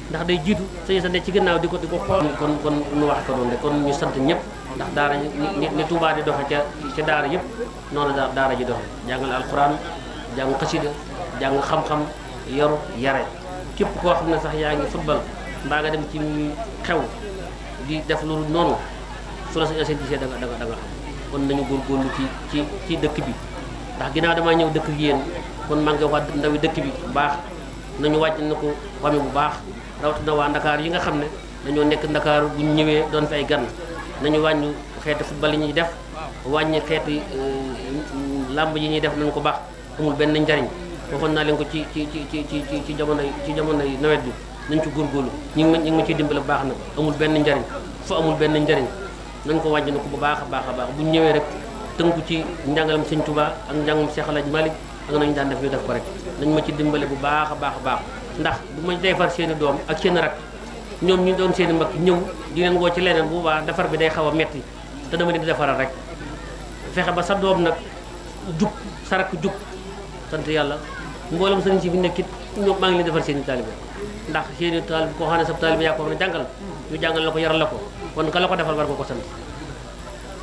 ndax day jiitu sëñ sa ne ci gannaaw di ko di ko xool kon kon nu wax ko doon de kon ñu sant ñëpp ndax daara ni tubaa di doxe ca ca daara yëpp noonu daara ji doxe jàngal alxuraan jàng xasida jàng xam-xam yare képp koo xam ne sax yaa ngi football mbaa nga dem ci xew di def loolu noonu su la seen gisee da nga da xam kon nañu góorgóorlu ci ci ci dëkk bi ndax ginnaaw damaa ñëw dëkk bi kon maa ngi wax ndawi dëkk bi bu baax nañu wàcc ko wame bu baax rawatina waa Ndakaar yi nga xam ne dañoo nekk Ndakaar bu ñëwee doon fi ay gan nañu wàññi xeeti football yi ñuy def wàññi xeeti euh, làmb yi ñuy def nañu ko baax amul benn njariñ waxoon naa leen ko ci ci ci ci ci ci jamonoy ci jamonoy nawet bi nañ ci góorgóorlu ñu ngi ma ñu ma ciy dimbale bu baax nag amul benn njariñ foo amul benn njariñ nañ ko wàññi ko bu baax a baax a baax buñ ñëwee rek tënku ci njàngalam sëñ Tuubaa ak njàngam Seex Alaaji Malik ak nañu daan def ñu def ko rek nañ ma ci dimbale bu baax a baax a baax ndax bu ma defar seen i doom ak seen rak ñoom ñu doon seen i mag ñëw di leen woo ci leneen bu baax defar bi day xaw a metti te dama di defaral rek fexe ba sa doom nag jub sarak yàlla mbolam serigne ci fi nekit ñoo ma ngi leen defal seen talib ndax seen talib ko xana sa talib yakko ko jangal ñu jangal lako yaral lako kon ka lako defal war ko ko sant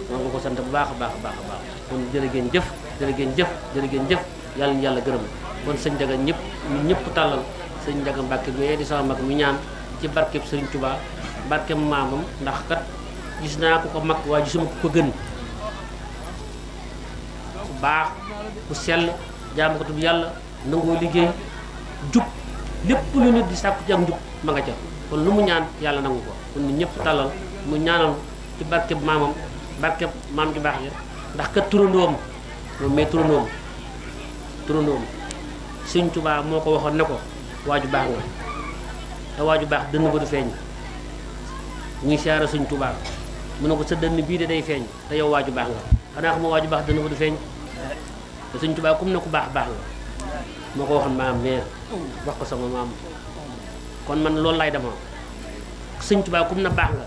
war ko ko sant bu baax baax baax baax kon jere gene jëf jere gene jëf jere gene jëf yalla ñu yalla gëreum kon señ jaga ñep ñep talal señ jaga mbacke bi di sama mak mi ñaan ci barke serigne touba barke mamam ndax kat gis na ko ko mak wa gisuma ko gën baax ku sel jaam ko tub yalla nangoo liggéey jub lépp lu nit di sàkku ci ak ma nga ca kon lu mu ñaan yàlla nangu ko kon nu ñëpp tallal mu ñaanal ci barkeb maamam barkeb maam ju baax ja ndax kat turandoom moom mais turandoom turandoom sëñ tubaa moo ko waxoon ne ko waaju baax nga te waaju baax dënn ba du feeñ muy siyaara suñ Tuubaa mun na ko sa dënn bii de day feeñ te yow waaju baax nga xanaa xam nga waaju baax dënn ba du feeñ te sëñ Tuubaa comme ne ko baax baax nga moo ko waxoon maam nee wax ko sama maam kon man loolu lay dama sëñ Tuubaa kum na baax nga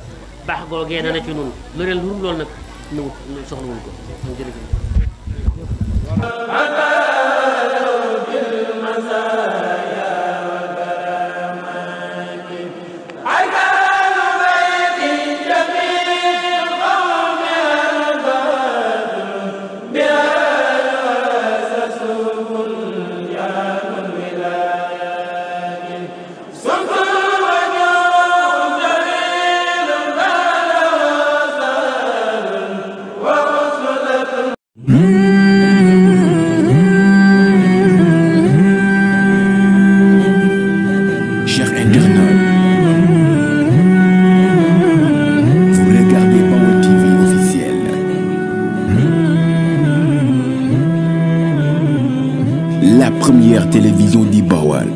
baax googee na ne ci noonu lu leen lu loolu nag nu soxlawul ko mu jërëjëf télévision d'Ibawal.